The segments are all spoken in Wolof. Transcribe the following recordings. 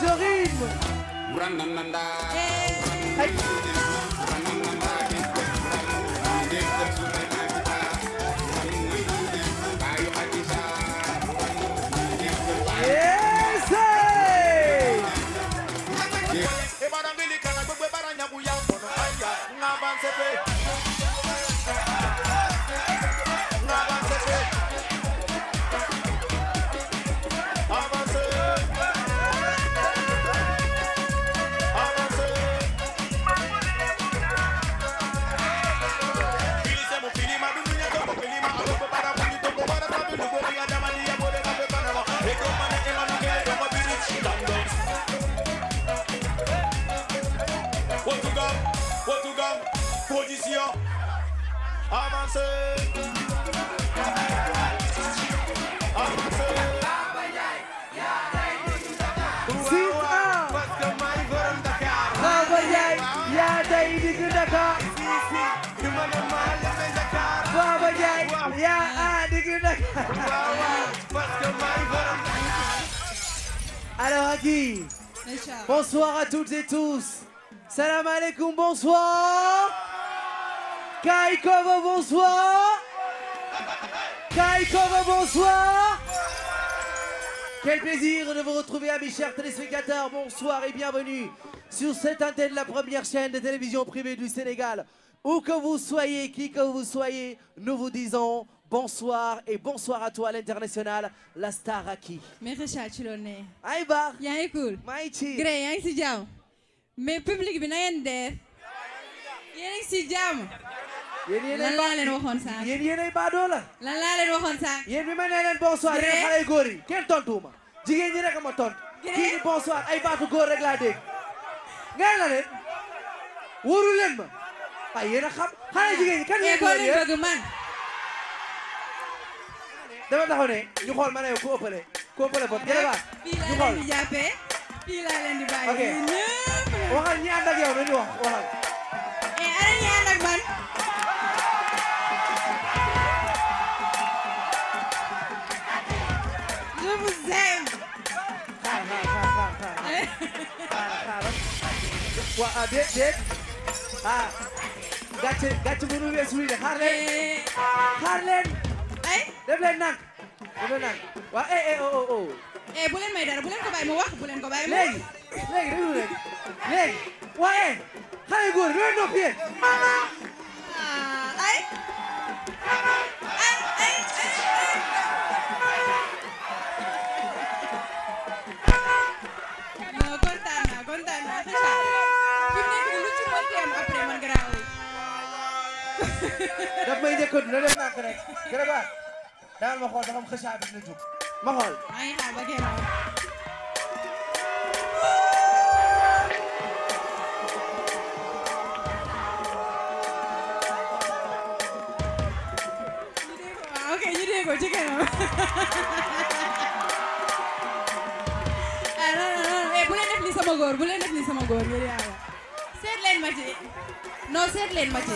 je rime. yaa ah diggu Dakar. waaw waaw parce que maay borom. alors Haki. bonsoir à toutes et tous. salaamaaleykum bonsoir. Kaay Koba bonsoir. Kaay Koba bonsoir. Quel plaisir de vous retrouver, amis chers téléspectateurs. Bonsoir et bienvenue sur cette antenne, la première chaîne de télévision privée du Sénégal. Où que vous soyez, qui que vous soyez, nous vous disons bonsoir et bonsoir à toi l'international la star Racky. mais Richard ci loolu ne. ay baax yaa ngi cool. maa ngi ci gré yaa ngi si jàmm. mais public bi na ngeen def. yéen a ngi si jàmm. yéen lan laa leen waxoon sànq. yéen yéenay baadoo la. lan laa leen waxoon sànq. yéen bi ma nee leen bonsoir yéen xale yu góor yi kenn tontuwuma jigéen ñi rek ma tontu. kii ni bonsoir ay baatu góor rek laa dégg. ngay la leen wóoru leen ma. waaye yéen a xam xanaa jigéen ñi kan ngeen góor eh, yéen bëgg man dama taxaw ne ñu xool ma ne ku ëppale ku ëppale bot jële baax ñu xool fii laa leen di jàppee fii laa leen di bàyyi ok waxal ñi ànd ak yow dañu wax waxal eh ana ñi ànd ak man je vous aime xaar xaar xaar xaar xaar waa ah, déet déet xaar ah. gàcce gàcce bu nu weesu de xaar leen eh. xaar leen. ay eh? def leen nang def leen eh, oh, oh, oh. bu leen may dara bu leen ko mu wax bu leen ko bàyyi mu wax. léegi léegi déglu léegi léegi waaye xale góor yooyu noppi yéen. Ah, ay ay ay. daf may njëkk a dund def naa daal ma xool dafa am bi dina jóg ma xool. maa ba kii raw. waaw ok ah non non non eh, bu leen def ni sama góor bu leen def ni sama góor yéen yàlla. ma ci non seet leen ma ci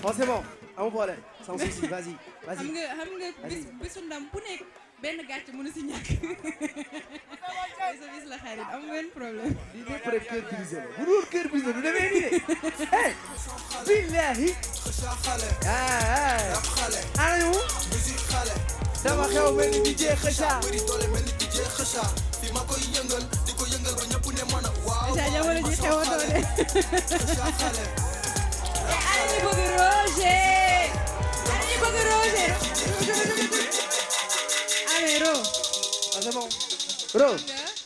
bon c'est bon amul problème sans souci vas-y vas-y xam nga xam nga bis bisu ndam bu nekk benn gàcce mënu si ñàkk service la xarit am ngeen problème. lii lépp rek cœur brisé la bu dul cœur brisé du demee nii de. billahi. ana ñu. dama xew mel ni DJ Kheucha. fi ma koy yëngal di ko yëngal ba ñëpp ne mën a. waaw jamono ji xew a doole. ana ñu bëgg Roger. ana ñu bëgg Roger. Amee Ro. Ro.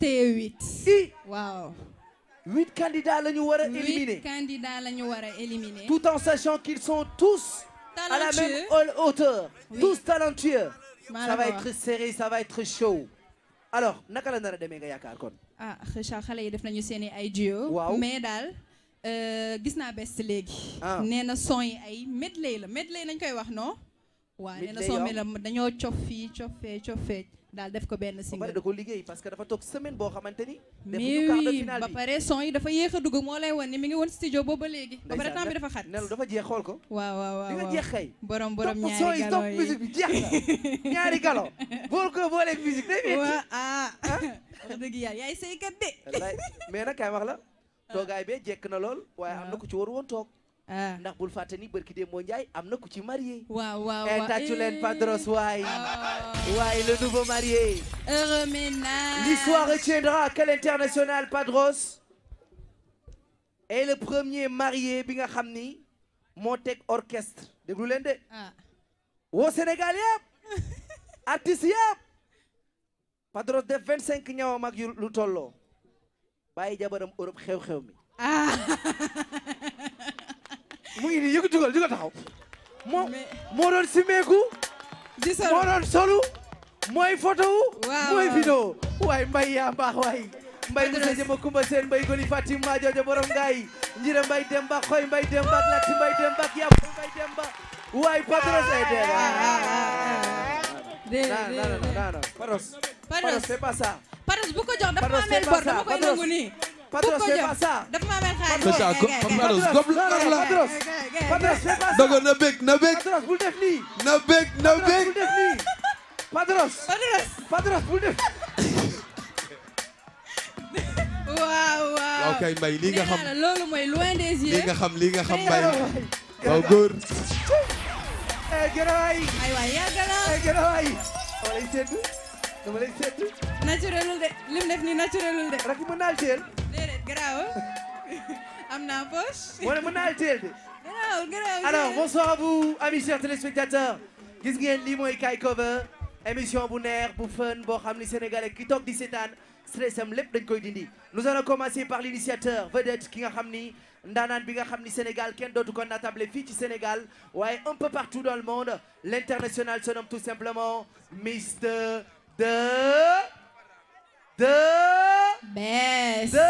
téye huit. i waaw. huit candidats la ñu war a éliminer war a éliminer. tout en sachant qu'ils sont tous. talentueux à la même hauteur. tous talentueux. ça va être serré ça va alors naka la nar deme demee nga yaakaar kon. ah xëcc xale yi def nañu seeni ay duo. waaw mais daal. Euh, gis naa best léegi. ah nee na son yi ay medley la medley nañ koy wax non. medley waaw nee na son la dañoo cof fii daal def ko benn single. ba ko liggéey parce que dafa toog semaine boo xamante ni. defuñu quart de finale ba pare son yi dafa yéex a dugg moo lay wan ni mi ngi woon studio boobu ba léegi. ba pare temps bi dafa xat nelu dafa jeex xool ko. waaw waaw waaw di nga jeex kay. borom borom ñaari yi topp musique bi ñaari galo. bool ko booleeg musique day ah. Ah. yaay saykat de. mais nag kay wax la ah. toogaay bee jekk na lool. waaye am na ku ci war woon toog. Ah. ndax bul fàtte ni barki dee am na ku ci marié. waaw waaw eh, waaw eh. Padros waay. Ah. waaye le nouveau marié. heureux ménage. l'histoire retiendra que l'international Padros est le premier marié bi nga xam ni moo teg orchestre déglu leen de. Ah. woo Sénégal yëpp artistes yëpp Padros def vingt cinq ñawam ak lu tolloo bàyyi jabaram Europe xew-xew mi. mu ngi nii yëg jugal jugal taxaw moo moo doon simeeku moo doon solu mooy photo wu mooy vidéo waay mbay yaa mbaax mbay musa jëma kumba seen mbay goli fatima joojo borom ngaay njira mbay demba xoy mbay demba lati mbay demba yàpp mbay patros ay déedéet non non non patros patros c'est pas ça patros bu ko jox dafa koy nangu nii Patros fais pas ça. dafa ma amee xaalis. Patros na bég na bég. bul def na bég bul def. waaw waaw. ok Mbaye li nga xam loolu nga xam li nga xam Mbaye. waaw góor. Eh, gën a waay. aywa yàgg na. Eh, dama lay seetlu. naturelul de lim def ni naturelul de. rakk mën naa teel. déedéet garaaw am naa poche. moo ne mën naa teel de. garaaw garaaw alors bonsoir à vous amis chers téléspectateurs. gis ngeen lii mooy Kaay Cover émission bu neex bu fun boo xam ni sénégalais ki toog di seetaan stress am lépp dañ koy dindi. nous allons commencer par l'initiateur vedette ki nga xam ni. ndaanaan bi nga xam ni Sénégal kenn dootu ko natable fii ci Sénégal waaye un peu partout dans le monde l'international se nomme tout simplement Mister de de Bess de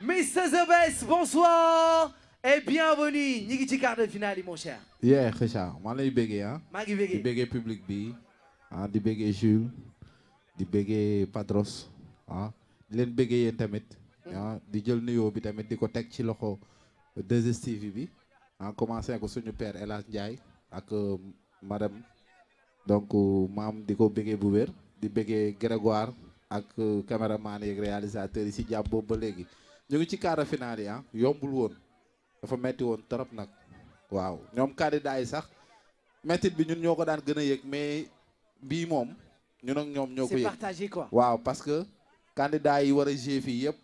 Mr The Best bonsoir et bienvenue ñi ngi ci quart de finale mon cher. yeah Richard maa lay béggee ah. maa ngi béggee di béggee public bi ah, di béggee Jules di béggee Padros ah, di leen béggee yéen tamit. Ah, di jël nuyo bi tamit di ko teg ci loxo 2STV bi ah commencé ko suñu père El Hadj Ndiaye ak euh, madame. donc maam di ko bëggee bu wér di bëggee Grégoire ak euh, caméraman yeeg réalisateur yi si jàpp boobu ba léegi ñu ngi ci quart de finale yi ah yombul woon dafa metti woon trop nag waaw ñoom candidat yi sax mettit bi ñun ñoo ko daan gën a yëg mais bii moom ñun ak ñoom ñoo ko yëg c'est partagé waaw parce que candidat yi war a jouer fii yëpp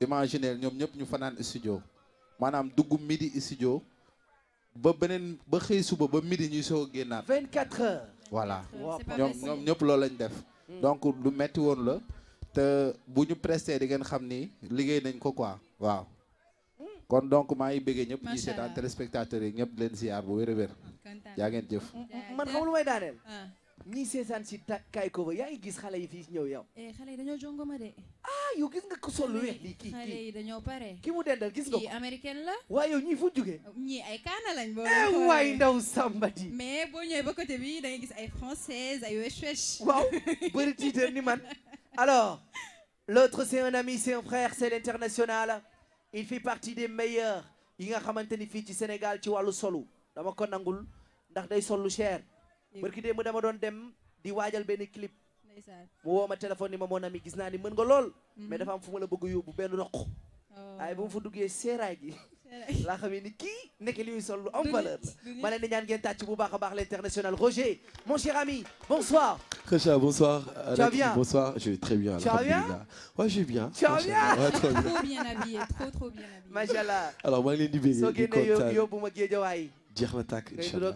imaginel ñoom ñëpp ñu fanaan studio maanaam dugg midi studio ba beneen ba xëy suba ba midi ñuy soog a génnaat voilà ñoom ñoom ñëpp loolu lañ def mm. donc du metti woon la te bu ñu prestee di ngeen xam ni liggéey nañ ko quoi waaw mm. kon donc maa ngi bëggee ñëpp ñi seetaan téléspectateurs yi ñëpp leen ziar bu wér wér yaa ngeen jëf ñii seesaan si ta kaay ko ba yaa ngi gis xale yi fii ñëw yow. Eh, xale yi dañoo jongoma de. ah yow gis nga ko sol lu weex lii kii kii xale yi dañoo pare. ki mu dendal gis nga ko kii américaine la. waaye yow ñii fu jugee. ñii ay kaana lañ boobu. eh waay ndaw sambadi. mais boo ñëwee ba côté bii da gis ay française ay wesh wesh. waaw bëri tiitar ni man alors l'autre c'est un ami c'est un frère c'est l'international il fait partie de meilleurs yi nga xamante ni fii ci Sénégal ci wàllu solu dama ko nangul ndax day sol lu cher. barki dee mu dama doon dem di waajal benn clip mu woo ma téléphone ni ma mon ami gis naa ni mën nga lool mhm. mais dafa am fu ma la bëgg a yóbbu benn roq oh. waaye bu mu fa duggee seeraay gi laa xam ni kii nekk li muy sol lu am valeur la ma leen di ñaan ngeen tàcc bu baax a baax l'international Roger mon cher ami bonsoir Kheucha bonsoir tu vas bien bonsoir je vais très bien tu vas bien ouais bien tu bien trop bien habillé trop trop bien habillé machallah alors maa ngi leen di bëgg soo génnee ma géejawaay jeex na tàkk inchallah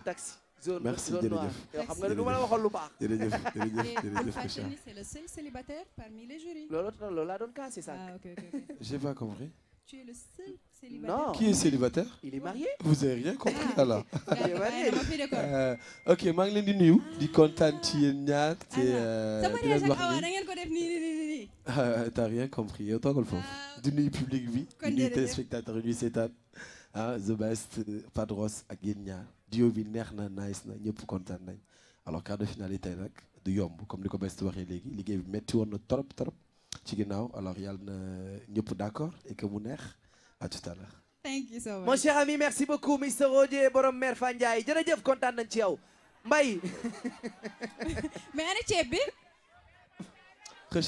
zone merci jërëjëf yow xam nga ne du ma la waxoon lu baax. jërëjëf jërëjëf jërëjëf Kheucha mais c'est le seul célibataire parmi les jurys. loolu loolu laa doon casser sànq. ah ok ok j'ai pas compris. tu es le seul célibataire. non qui est célibataire. il est marié. vous avez rien compris ah, alors. Euh, ok maa ngi leen di nuyu. di ah. kontaan ci yéen ñaar. Ah, te euh, di leen wax nii da ngeen ko def nii nii nii. t'as rien compris yow toogal foofu. di nuyu public bi. kon di nuyu téléspectateur yi ñuy seetaan ah The Best Padros ak yéen ñaar. duo bi neex na nice na ñëpp kontaan nañ alors quart de finale yi tey du yomb comme ni ko Best waxee léegi liggéey bi métti woon na trop trop ci ginnaaw alors yàlla na ñëpp d'accord et que mu neex à tout à l'heure thank you so much mon cher ami merci kontaan nañ ci yaw mbay mais ana ceeb bi eh,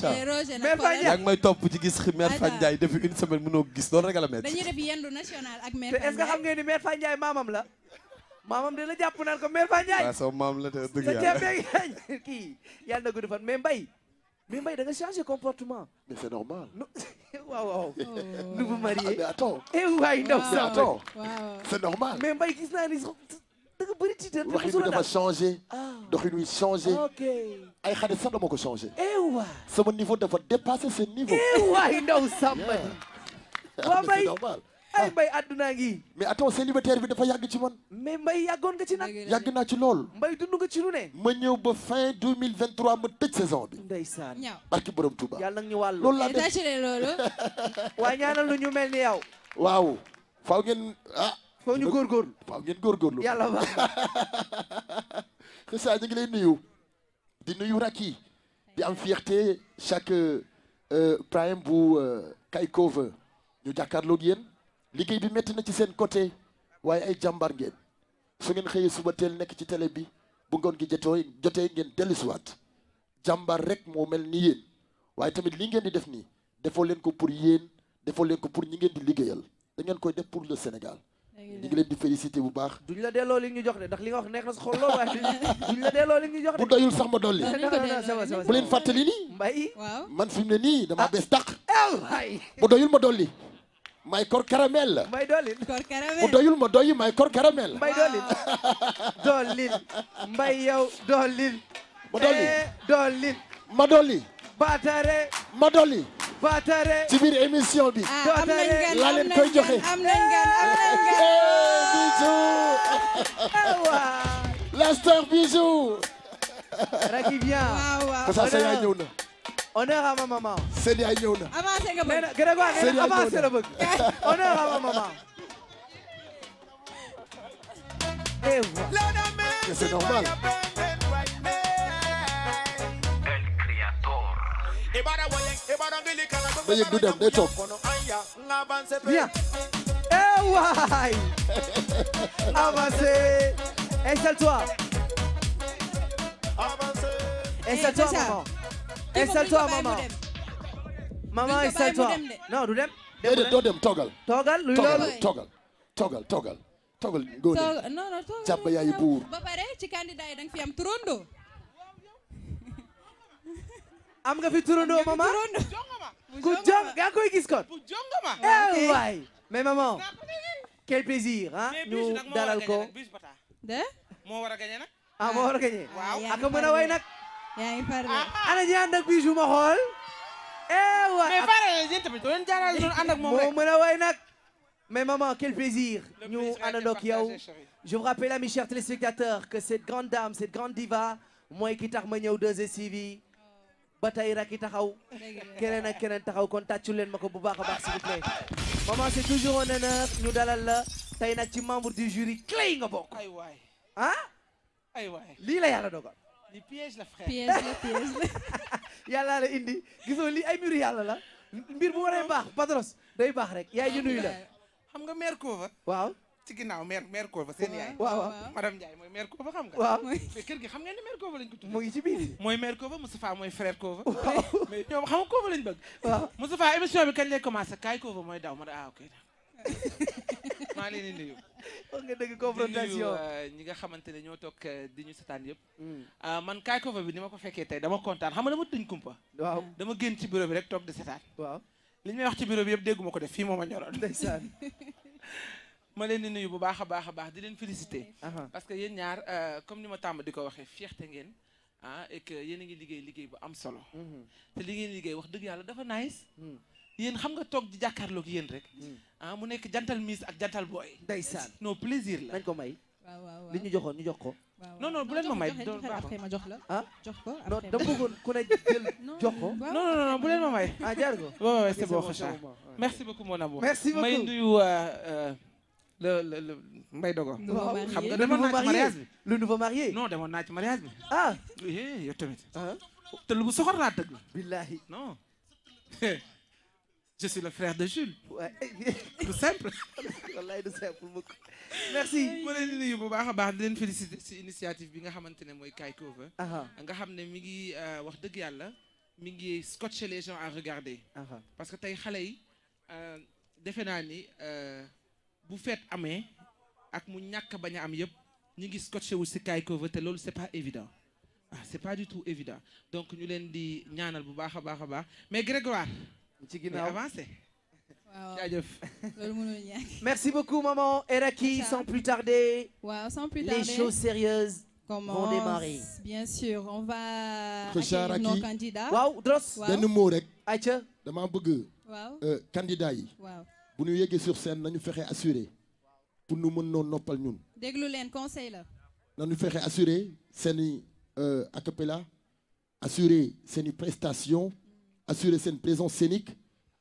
yaa ngi may topp ci gis mère Fandiaye depuis une semaine mënoo gis loolu rek la métti dañuy def yendu national ak mère Fandiaye maamam la maamam de la jàpp naan ko mère Fane Ndiaye. waaw maam la te dëgg yàlla sa kii yàlla na gudd fan mais Mbaye. mais Mbaye da nga changé comportement. mais c'est normal. waaw waaw. Oh. nouveau marié ah, mais attends. eh waay ndaw c'est normal. mais Mbaye gis naa ni da nga bëri ci te te waxin bi dafa ah. doxin wi changé. ok ay xale sax dama ko changé. eh waay. sama dafa dépassé seen niveau. eh waay ndaw sa ay mbay àdduna ngi mais attends célibataire bi dafa yàgg ci man mais mbay yàggoon nga ci nag yàgg naa ci lool mbay dund nga ci lu ne ma ñëw ba fin 2023 ma tëj saison bi ndeysaan barki borom Touba yàlla nag ñu wàll loolu laa def loolu waaye ñaanal lu ñu mel ni yaw waaw faaw ngeen ah faaw ñu góorgóorlu faaw ngeen góorgóorlu yàlla baax c'est ça ñu ngi lay nuyu di nuyu Racky di am fierté chaque euh, prime bu kay euh, Kaykover ñu jàkkaarloog yéen liggéey bi metti na ci seen côté waaye ay jàmbar ngeen su ngeen xëyee suba teel nekk ci tele bi bu ngoon gi jotoo jotee ngeen dellusiwaat jàmbaar rek moo mel ni yéen waaye tamit li ngeen di def nii defoo leen ko pour yéen defoo leen ko pour ñi ngeen di liggéeyal da ngeen koy def pour le Sénégal. ñu ngi leen di félicité bu baax. duñ la delloo li ñu jox de ndax li nga wax neex na sa xol lool waaye duñ la delloo li ñu jox de. bu doyul sax ma dolli. bu leen fàttali nii. mbay. man fi mu ne nii dama ah. bees tàq. bu doyul ma dolli. may kor caramel la. may doolil kor caramel. bu doyul ma doyi may kor caramel. may mbay yow doolil. ma doolil eh, ma dooli. baatare. ma dooli. baatare. ci biir ah, am nañ gan laa koy joxe. am nañ gan am nañ eh, gan. Ah, bisous. na. honneur à ma maman. Sédhi ay avancé nga bëgg. Grégoire nee na avancé la bëgg. honneur à ma maman. et voilà. c'est normal. ba yëg du dem day toog. bien. eh waay. avancé. installe avancé. installe-toi maman maman installe-toi non du dem. déedéet eh, doo dem toogal. toogal luy loolu toogal toogal toogal toogal góor non non toogal jàpp yaayu buur. ba pare ci candidat yi da nga fi am turando. am nga fi turando maman ku jong yaa koy gis kon. eh waay mais maman. quel plaisir ah ñu dalal ko. de. moo war a gagné nag. ah moo war a gagné. waaw ah, ak mën a way nag. yaa ngi far de. ana ñi ànd ak Bijou ma xool. eh wa mais far yéen tamit doon jaaral doon ànd ak moom rek. moo mën a way nag. mais maman quel plaisir. ñu àndandoo ak yow. je vous rappelle à mes chers téléspectateurs que cette grande dame cette grande diva mooy ki tax ma ñëw 2STV. ba tey rek i taxaw. keneen ak keneen taxaw kon tàccu leen ma ko bu baax a baax s'il vous plaît. maman c'est toujours un honneur ñu dalal la tey nag ci membre du jury clé nga bokk. ay waay ah. ay waay lii la yàlla dogal. li piège la frère piège la piège la. indi gisoo lii ay mbiru yàlla la mbir bu waree baax Padros day baax rek yaay ñu nuyu la. xam nga mère Kova. waaw ci ginnaaw meer mère Kova seen yaay. waaw waaw madame Ndiaye mooy mère Kova xam nga. waaw kër gi xam nga ni mère Kova lañ ko tudd. mu ngi ci biir mooy mère Kova Moustapha mooy frère Kova. waaw mais ñoom xam nga Kova lañ bëgg. waaw Moustapha émission bi kañ lay commencé kaay Kova mooy daw ma ne ah maa leen di nuyu. wax nga dëgg confrontation uh, ñi nga xamante ne ñoo toog uh, di ñu setaan yëpp. Mm. Uh, man kaay ko fa bi ni ma ko fekkee tey dama kontaan xam nga dama tëñ kumpa. waaw dama génn ci bureau bi rek toog di setaan. waaw li ñu may wax ci bureau bi yëpp dégguma ko def fii moo ma ñoroon. ma leen di nuyu bu baax a baax a baax di leen félicité. parce que yéen ñaar comme ni ma tàmm di ko waxee fierté ngeen. ah et que yéen ngi liggéey liggéey bu am solo. Mhm. te li ngeen liggéey wax yéen xam nga toog di jàkkaarloog yéen rek. Hmm. ah mu nekk jantal miss ak jantal booy. ndeysaan non plaisir la nañ ko may. waaw waaw waaw li ñu joxoon ñu jox ko. non non bu leen ma may doon baax ma jox la ah jox ko non da bëggoon ku ne jël jox ko non non non bu leen ma may ah jaar ko waaw waaw c'est bon Kheucha merci beaucoup mon amour merci beaucoup may nuyu euh, euh, le le le Mbaye Dogo xam nga demoon naa ci mariage bi le nouveau marié non demoon naa ci mariage bi ah eh, yow tamit ah. te lu bu soxor laa dëgg billaahi non je suis le frère de Jules. du simple. wallaay du simple mukk merci. ma leen di bu baax a baax di leen féliciter ci initiative bi nga xamante ne mooy Kai Cover. nga xam ne mi ngi euh, wax dëgg yàlla mi ngi scotcher les gens à regarder. parce que tey xale yi euh, defe naa ni euh, bu feet amee ak mu ñàkk bañ a am yëpp ñu ngi scotché wu ci Kai Cover te loolu c'est pas évident. ah c'est pas du tout évident donc ñu leen di ñaanal bu baax a baax a baax mais Grégoire. ci ginnaaw avancé. merci beaucoup maman Eraki sans plus tarder. waaw sans plus tarder les choses sérieuses. vont bien sûr on va. accueillir nos candidats waaw Dross. waaw rek. ayca bëgg. waaw euh, candidats yi. bu ñu yeggee sur scène nañu fexe assuré. pour nu mën noon noppal ñun. déglu leen conseil la. nañu fexe assuré seen i euh, acapella assuré seen i prestation. assurer seen présence scénique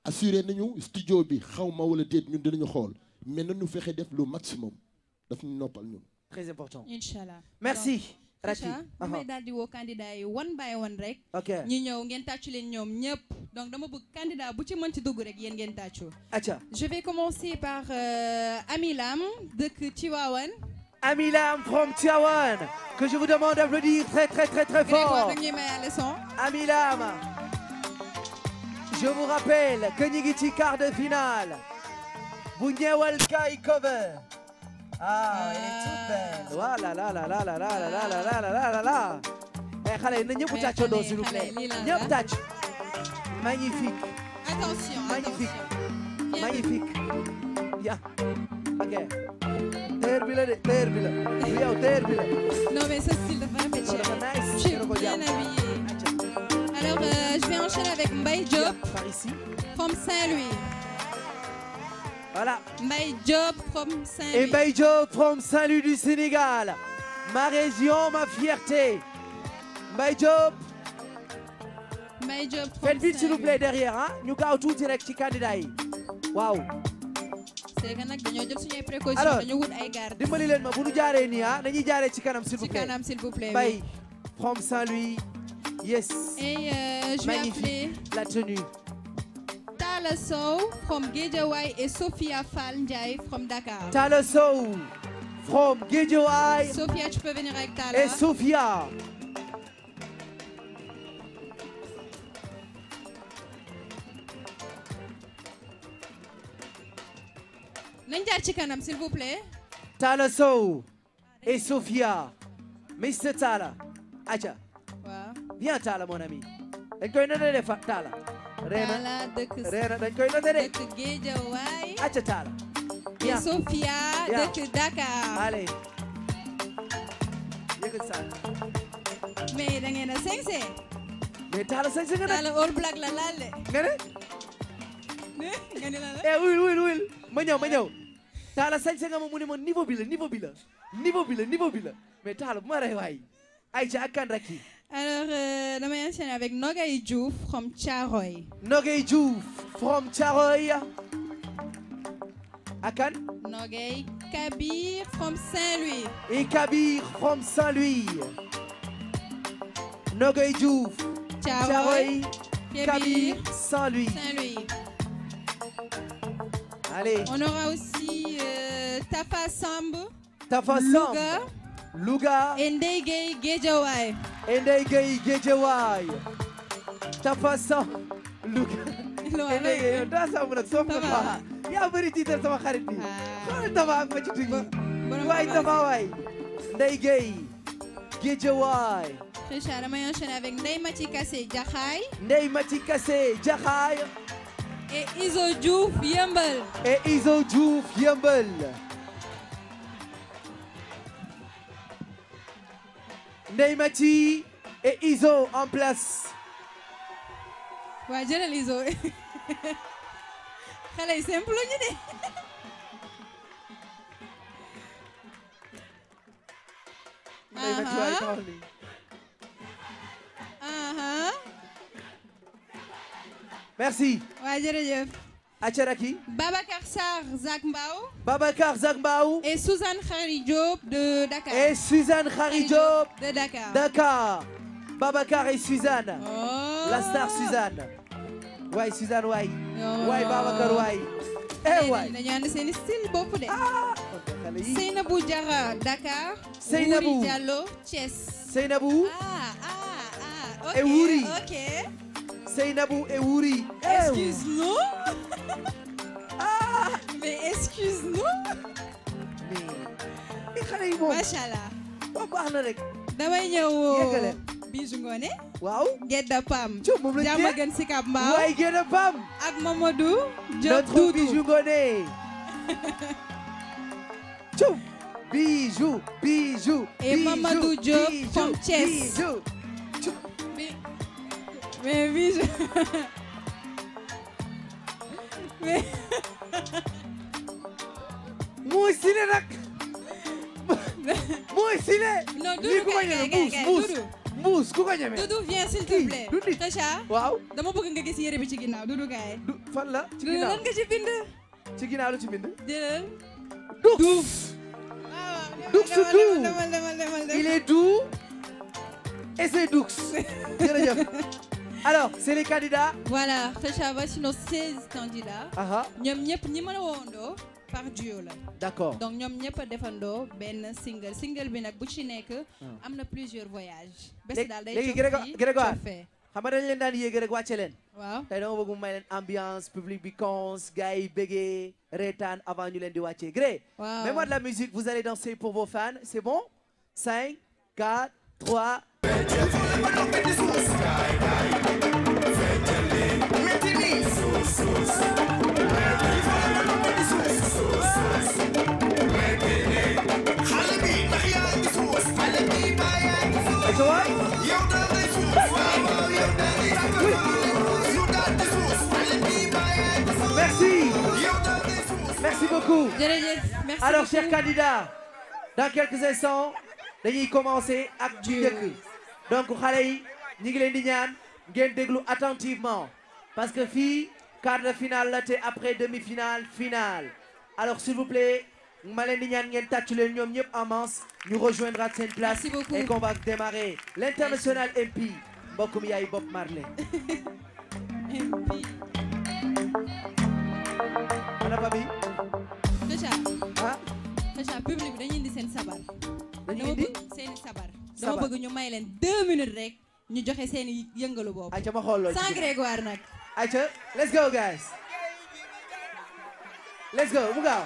assurer nañu studio bi xaw ma wala déet ñun dinañu xool mais nañu fexe def le maximum daf ñu noppal ñun. très important incha allah merci. Rachi damay daal di woo candidat yi one by one rek. ok ñi ñëw ngeen tàccu leen ñoom ñëpp. donc dama bëgg candidat bu ci mënti dugg rek yéen ngeen tàccu. acca je vais commencer par euh, Ami Lam dëkk Tivaouane. Ami Lam from Tivaouane. que je vous demande d'applaudir très très très très fort. Grégoire da nga ñuy maye leçon. Ami Lam. Je vous rappelle que ñu ngi ci quart de finale. bu ñëwal Kaay cover. ah elle est toute belle. voilà xale yi na a tàccandoo s'il vous plaît magnifique. magnifique ya ok. teer de teer bi la. yow teer bi la. non mais ce style dafa rafet. dafa nice. enchaîne avec Mbaye Diop. Par ici. From Saint-Louis. Voilà. Mbaye Diop from saint du Sénégal. Ma région, ma fierté. Mbaye Diop. Mbaye Diop from Saint-Louis. Faites vite s'il vous plaît derrière ah ñu gaaw tuuti rek ci candidat yi waaw. c'est que nag dañoo jël suñuy précautions ay garde. dimbali leen ma bu ñu jaaree nii ah dañuy jaaree ci kanam s'il vous plaît. kanam s'il vous plaît. Mbaye from saint Yes. Et euh, je Magnifique. vais appeler la tenue. Tala Sow from Guédiawaye et Sophia Fall Ndiaye Tala Sow from Guédiawaye. Sophia, Tala. Et Sophia. nañ jaar ci kanam s'il Tala Sow et Sophia. Mr Tala. bien Talla mon ami dañ koy noté de fa Talla. Talla dëkk Reena dañ koy acca Talla. bien et Sophia dëkk Dakar. allez. yëgal saa. mais da ngeen a sensé. mais Talla sensé mu ne eh, ma niveau bi la niveau bi la niveau bi bu ma rey waay. Aïcha ak Kandra Alors, euh, la meilleure scène avec Nogay Diouf from Charoy. Nogay Diouf from Charoy. Akan Nogay Kabir from Saint-Louis. Et Kabir from Saint-Louis. Nogay Diouf. Charoy. Kabir, Kabir Saint-Louis. Saint-Louis. Allez. On aura aussi euh, Tafa Sambo. Tafa Sambo. Louga. Ndeye Gueye Guédiawaye. Ndeye Gueye Guédiawaye. Tafasa Louga. Ndeye Gueye yow daa saabu nag soo ko faa. yaa bëri tiital sama xarit bi. xoolal ah. Tafa ak ma ci tuuti. waay Tafa waay. Ndeye Gueye Guédiawaye. Richard, on enchaîne avec Ndeye Mati Kassé Diakhaye. Ndeye Mati Kassé Diakhaye. Et Izo Diouf Neymati et Iso en place. waaw jëlal Iso xale yi simple ñu aha aha. merci. waaw jërëjëf. Acharaki. Babacar Sar Zakmbao. Babacar Zakmbao. Et Suzanne Khari Diop de Dakar. Et Suzanne Khari Diop de Dakar. Dakar. Babacar et Suzanne. Oh. La star Suzanne. Waay Suzanne waay. Oh. Waay Babacar waay. Eh waay. Dañu ànd seen style bopp de. Ah, Dakar. Seynabou Wuri ah, ah, Wuri. OK. Seynabou mais excuse-nous. mais xale yi moom macha allah. waaw baax na rek. damay ñëw. Euh, yegale Bijou Ngoné. waaw Gedda Pam. Diop moom gën si Mbaaw. ak Mamadou. Diop Doudou notre Bijou Bijou Bijou. et Mamadou Diop from Thiès. Bijou Bijou. Bijou mais. mooy Sile nag mooy Sile. non Doudou kay kay kay kay Doudou. ñeme. Doudou viens s'il te plaît. Doudou Tacha. waaw dama bëgg nga gis yére bi ci ginnaaw Doudou kay. du fan la ci ginnaaw lan nga ci bind. ci ginnaaw lu ci bind. jëlal. duuf duuf. duuf su duuf il est doux et c'est doux jërëjëf. alors c'est les candidats. voilà Tacha va sur nos ah ah. ñi mën a par duo la. d'accord donc ñoom ñëpp a defandoo benn single single bi nag bu ci nekk. Ah. am na plusieurs voyages. bés daal day léegi Grégoire xam nga dañ leen daan yéege rek wàcce leen. waaw tey dama bëgg mu may leen ambiance public bi cons gars yi bégee reetaan avant leen di wàccee Gré. waaw mets-moi de la musique vous allez danser pour vos fans c'est bon. beaucoup. Merci alors beaucoup. chers candidats dans quelques instants dañuy commencer ak ju njëkk donc xale yi ñu ngi leen di ñaan ngeen déglu attentivement parce que fii quart de finale la te après demi-finale finale alors s'il vous plaît ma leen di ñaan ngeen tàccu leen ñoom ñëpp en masse ñu rejoindra seen place et qu'on va démarrer l'international MP mbokkum yaay Bob Marley. ana Fabi. Kheucha. ah. Kheucha public bi dañuy indi seen sabar. dañuy indi seen sabar. sabar dama bëgg ñu may leen deux minutes rek ñu joxe seeni yëngalu boobu. ayca ma xool loolu sans Grégoire nag. ayca let's go guys. let's go mu gaaw.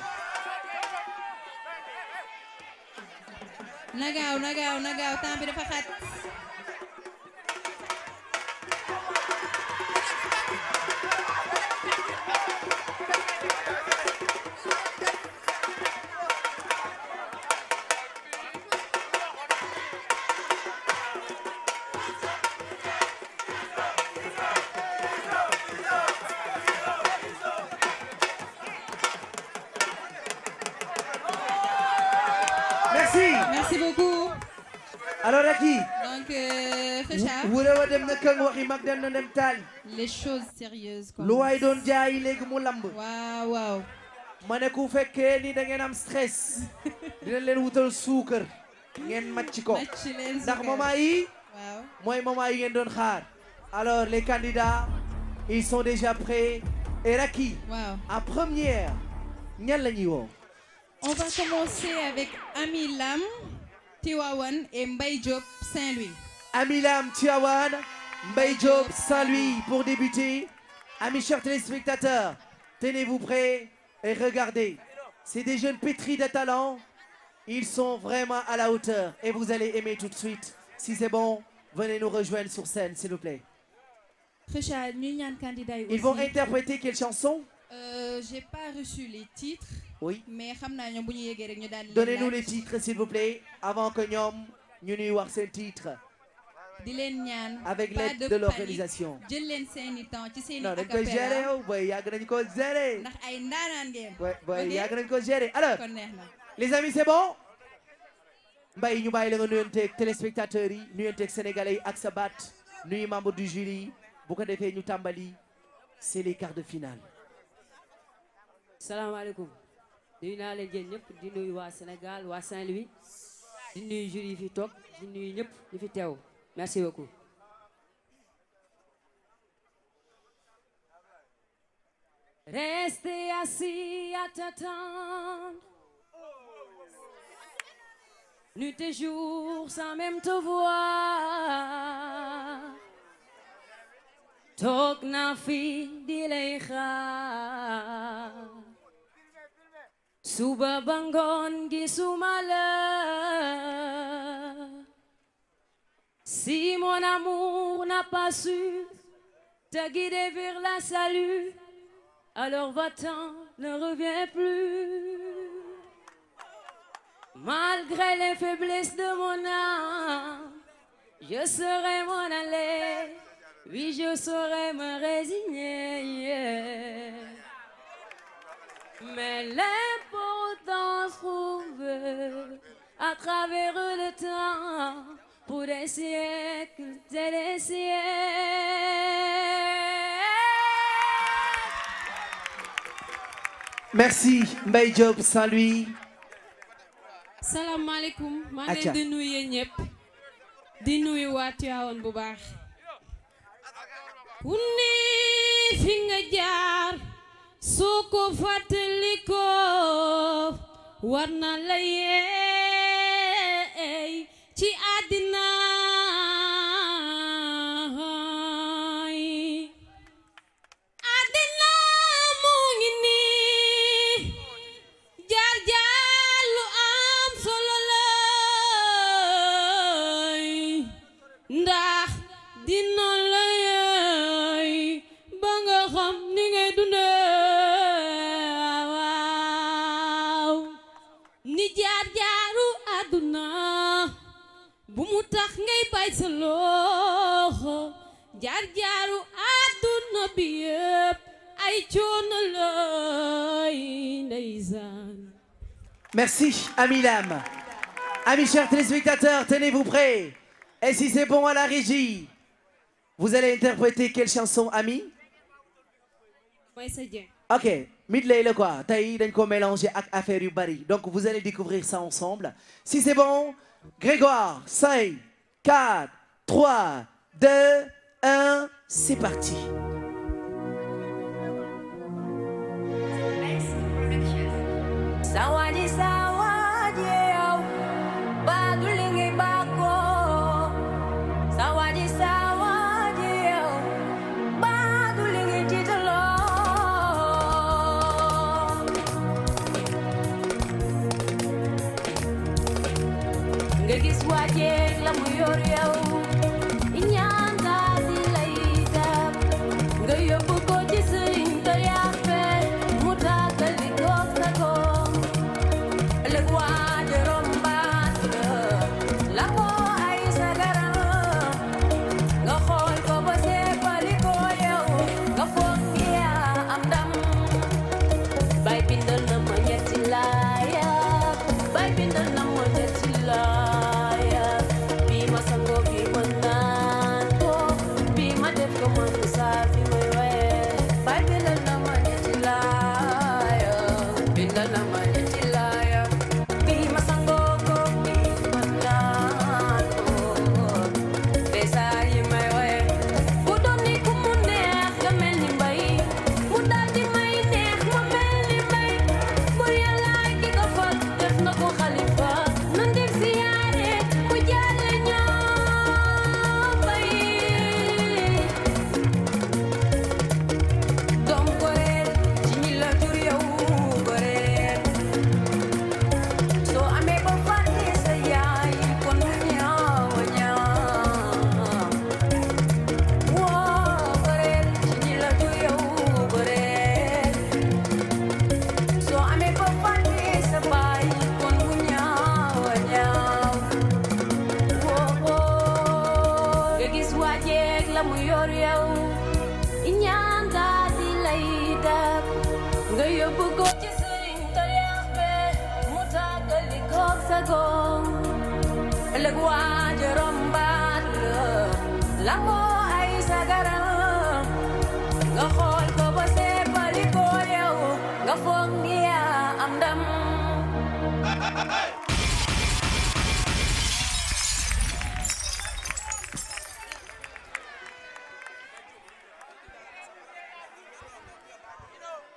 na gaaw na gaaw na gaaw temps dafa xat. yi. donc euh, dem na këng waxi mag dem na dem taal. les choses sérieuses quoi. lu waay doon jaay léegi mu lamb. waaw waaw. ma ne ku fekkee ni da ngeen am stress. dina leen wutal suukar. ngeen mat ci ko ndax moment yi. waaw mooy moment yi ngeen doon xaar. alors les candidats ils sont déjà prêts et Racky. waaw en première ñan la woo. on va commencer avec Ami Lam. Tiwawan et Mbaye Diop Saint-Louis. Amilam Tiwawan, Mbaye Diop Saint-Louis pour débuter. Amis chers téléspectateurs, tenez-vous prêts et regardez. C'est des jeunes pétris de talent. Ils sont vraiment à la hauteur et vous allez aimer tout de suite. Si c'est bon, venez nous rejoindre sur scène, s'il vous plaît. Ils vont interpréter quelle chanson euh, Euh, j'ai pas reçu les titres. mais xam naa ñoom bu ñu yeggee rek ñu daal donnez-nous les titres s'il vous plaît avant que ñoom ñu nuy wax seen titre. di leen ñaan. avec l'aide de l'organisation. jël leen seen i temps ci seen oh, yàgg nañu ko gérer. ndax ay ndaanaan ngeen. booy yàgg nañu ko gérer alors. kon neex na les amis c'est bon. Mbaye ñu bàyyi la nga nuyanteeg téléspectateurs yi nuyanteeg sénégalais yi ak sa baat nuyu membre du jury bu ko defee ñu tàmbali c'est les quarts de finale. salaamaaleykum nuyu naa leen yéen ñëpp di waa Sénégal waa Saint-Louis di jury yi fi toog di nuyu ñëpp fi teew merci beaucoup. Rester assis à t'attendre Nuit jour sans même te voir Toog naa fi di suba la si mon amour n'a pas su te guider vers la salut alors va-t'en ne reviens plus malgré les faiblesses de mon âme je saurai m'en aller oui je saurai me résigner Mais l'important trouve à travers le temps pour des Merci Mbaye Diop Saint-Louis. salaamaaleykum. maa ngi di nuyu ñëpp. di nuyu waa Tivaouane bu baax. wu jaar. su ko fàttaliko war na la yeey ci àddina Merci, ami Lam. Amis chers téléspectateurs, tenez-vous prêts. Et si c'est bon à la régie, vous allez interpréter quelle chanson, ami Midley le quoi Taï dañ ko ak affaire yu bari. Donc vous allez découvrir ça ensemble. Si c'est bon, Grégoire, 5, 4, 3, 2, 1, c'est parti.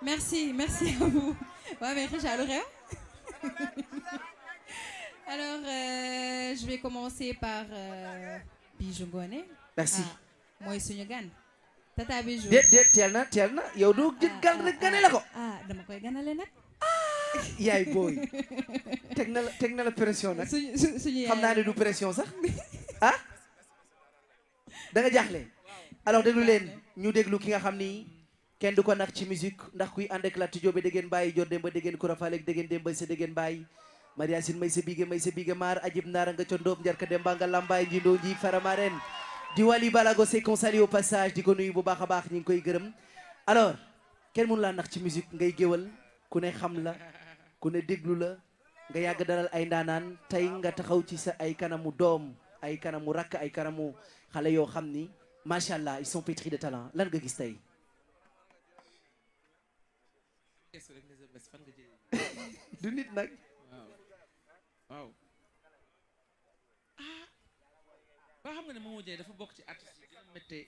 Merci, merci à vous. Ouais, mais déjà, Alors, euh, je vais commencer par euh, Bijou Ngoné. Merci. Ah, mooy suñu gan. tata Bijou. déet déet teel na teel na yow do jël ah, gan ah, rek ah. gane la ah dama koy ganale nag. yaay booy teg na la teg na la pression nag. suñu suñu yaay xam naa ne du alors déglu leen ñu déglu ki nga xam ni. kenn du ko nax ci musique ndax kuy ànd ak Latou Diop dégg ngeen bàyyi jor Demba dégg ngeen Koura Falek dégg ngeen Demba Sey dégg ngeen bàyyi Maria Sine may sa bige may sa bige maar Ajib a nga condoob njarka Demba nga lambaay njindoo nji faramaren di Wally Balago Seck qu'on salue au passage di ko nuyu bu baax a baax ñu ngi koy gërëm alors kenn mënu laa nax ci musique ngay géwal ku ne xam la ku ne déglu la nga yàgg dalal ay ndaanaan tey nga taxaw ci sa ay kanamu doom ay kanamu rakk ay kanamu xale yoo xam ni macha allah ils sont de talent lan nga gis tey du nit nag ah. xam nga ne Momo Dieng dafa bokk ci artiste yi gën a méttee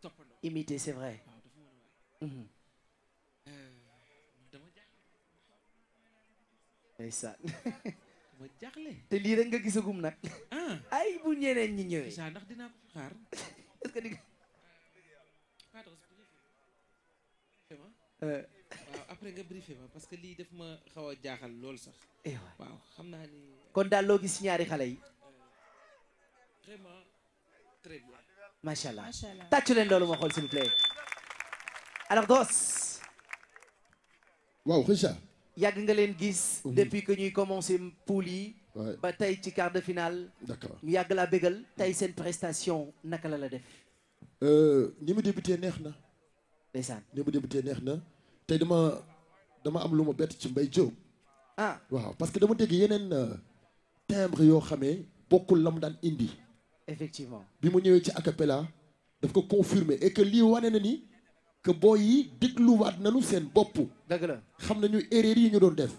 toppandoo imité c'est vrai waaw dafa mën mm-hmm. euh, te lii rek nga gisagum nag ah. ay bu ñeneen ñi ñëwee sa ndax dinaa ko xaar est-ce que après nga briefé ma parce que lii daf ma xaw a jaaxal loolu sax. Eh waaw xam naa ni. Euh, kon daal loo gis ñaari xale yi. vraiment très bien. tàccu leen loolu ma xool s'il vous plaît. alors Dos. yàgg nga leen gis. Mhm. depuis que ñuy commencé poule yi. ba tey ci quart de finale. yàgg laa bégal tey seen prestation naka la la def. Euh, ni mu débuté neex na. ndeysaan ni mu débuté neex na. tey dama dama am lu ma bett ci mbay Diop. ah waaw parce que dama dégg yeneen euh, timbre yoo xamee bokkul la mu daan indi. effectivement bi mu ñëwee ci acapella daf ko confirmer et que lii wane na ni que booy yi dégluwaat lu seen bopp. dëgg na xam nañu erreur yi ñu doon def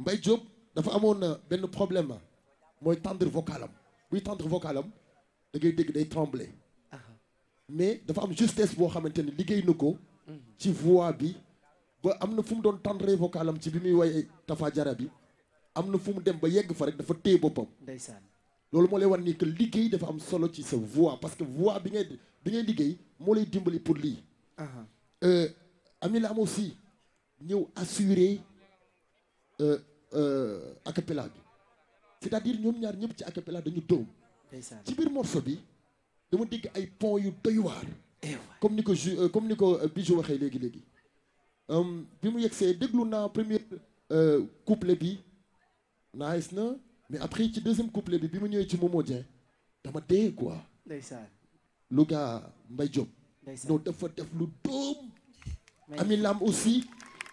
Mbaye Diop dafa amoon euh, benn problème mooy tendre vocalam buy tendre vocalam da ngay dégg day trembler ah. mais dafa am justesse boo xamante ni liggéey na ko. ci voix bi ba am na fu mu doon tendre vocal ci bi muy woy Tafa Jara bi am na fu mu dem ba yegg fa rek dafa téye boppam. ndeysaan loolu moo lay wan ni que liggéey dafa am solo ci sa voix parce que voix bi ngay bi ngay liggéey moo lay dimbali pour lii. Euh, Amina am aussi ñëw assurer euh, euh, a cappella bi cest à ñoom ñaar ñëpp ci a cappella dañu dóom. ci biir morceau bi dama dégg ay pont yu doy Eh comme ni ko ju euh, comme ni ko euh, Bijou waxee léegi léegi bi mu yegsee déglu naa premier euh, couplet bi nice na mais après ci deuxième couplet bi bi mu ñëwee ci Momo Dieng dama dee quoi. ndeysaan lu gaa Mbaye Diop. ndeysaan non dafa def lu doom. Ami Lam aussi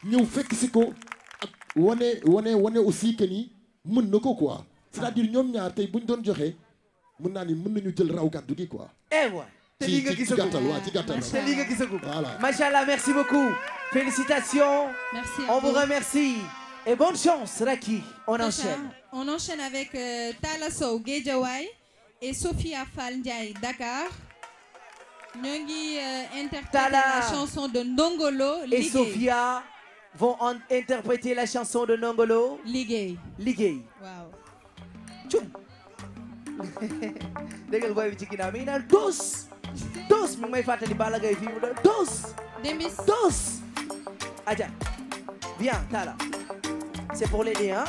ñëw fekk si ko ak wane wane wane aussi que ni mën na ko quoi. Ah. c'est-à-dire ñoom ñaar tey bu ñu doon joxe mën naa ni mën nañu jël raw gàddu gi quoi. eh te lii nga gisagu ci gàttal waaw ci gàttal te lii merci beaucoup félicitations. on vous remercie. et bonne chance Racky on enchaîne. avec euh, Talla Sow et Sophia Fall Dakar. ñoo ngi euh, la chanson de Ndongolo. liggéey et Sophia de Ndongolo. liggéey liggéey. dos mi ngi may fàttali Balla Gaye fii mu doon dos. Dembis dos. Adja viens Talla c'est pour l'aider hein.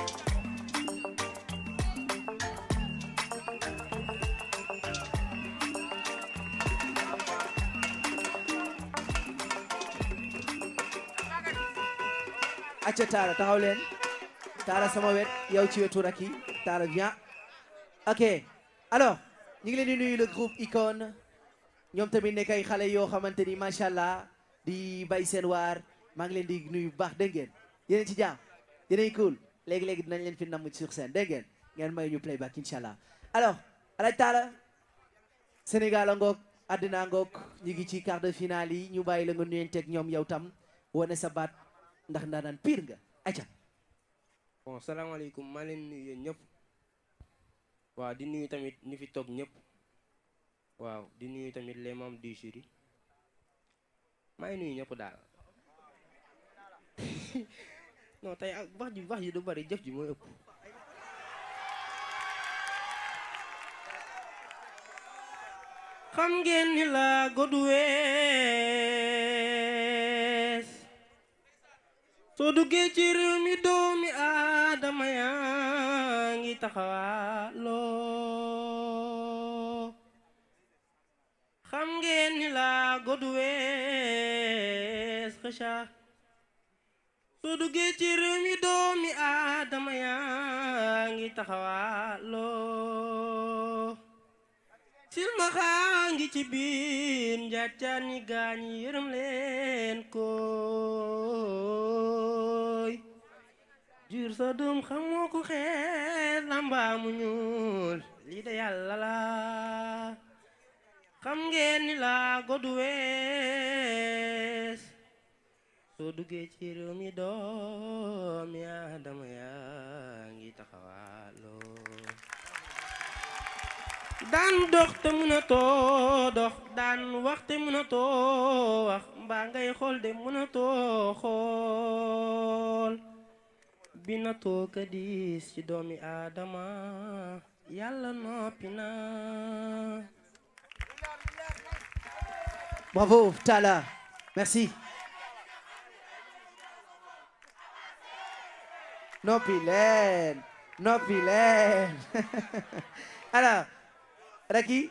acca Talla taxaw leen Talla sama wet yow ci wetu rakki Talla ok alors ñu ngi leen di le groupe Icône. ñoom tamit nekk ay xale yoo xamante ni macha allah di bay seen waar maa ngi leen di nuy bu baax dégg ngeen yéen ci jàmm yéen cool léegi-léegi dinañ leen fi namm sur scène dégg ngeen ngeen may ñu playback incha allah alors alaj taala Sénégal a ngoog àddina ngoog ñu ngi ci quart de finale yi ñu bàyyi la nga nuyenteeg ñoom yow tam wane sa baat ndax ndaanaan piir nga aca bon salaamaaleykum leen nuyu yéen ñëpp waaw di nuy tamit ñu fi toog ñëpp waaw di nuyu tamit les membres du jury maa ngi nuyu ñëpp daal non tey ak wax ji wax ji du bari jëf ji mooy ëpp xam ngeen ni la Goodwies soo duggee ci réew mi doomi yaa ngi taxawaloo xam ngeen ni laa goduwees xëca soo duggee ci réew mi doomi aadama yaa ngi taxawaaloo silmaxaa ngi ci biir njaajaan ñi gaañ yi yërëm leen kooy jur sa doom xamoo ko xees lambaa mu ñuul lii de yàlla la xam ngeen ni laa godu wees soo duggee ci réew mi doomi aadama yaa ngi taxawaaloo daan dox te mënatoo dox daan wax te mënatoo wax mbaa ngay xool de mënatoo xool bi natoo ka diis ci doomi aadama yàlla noppi na Bravo, Tala. Merci. Nopilen. Nopilen. Alors, Raki.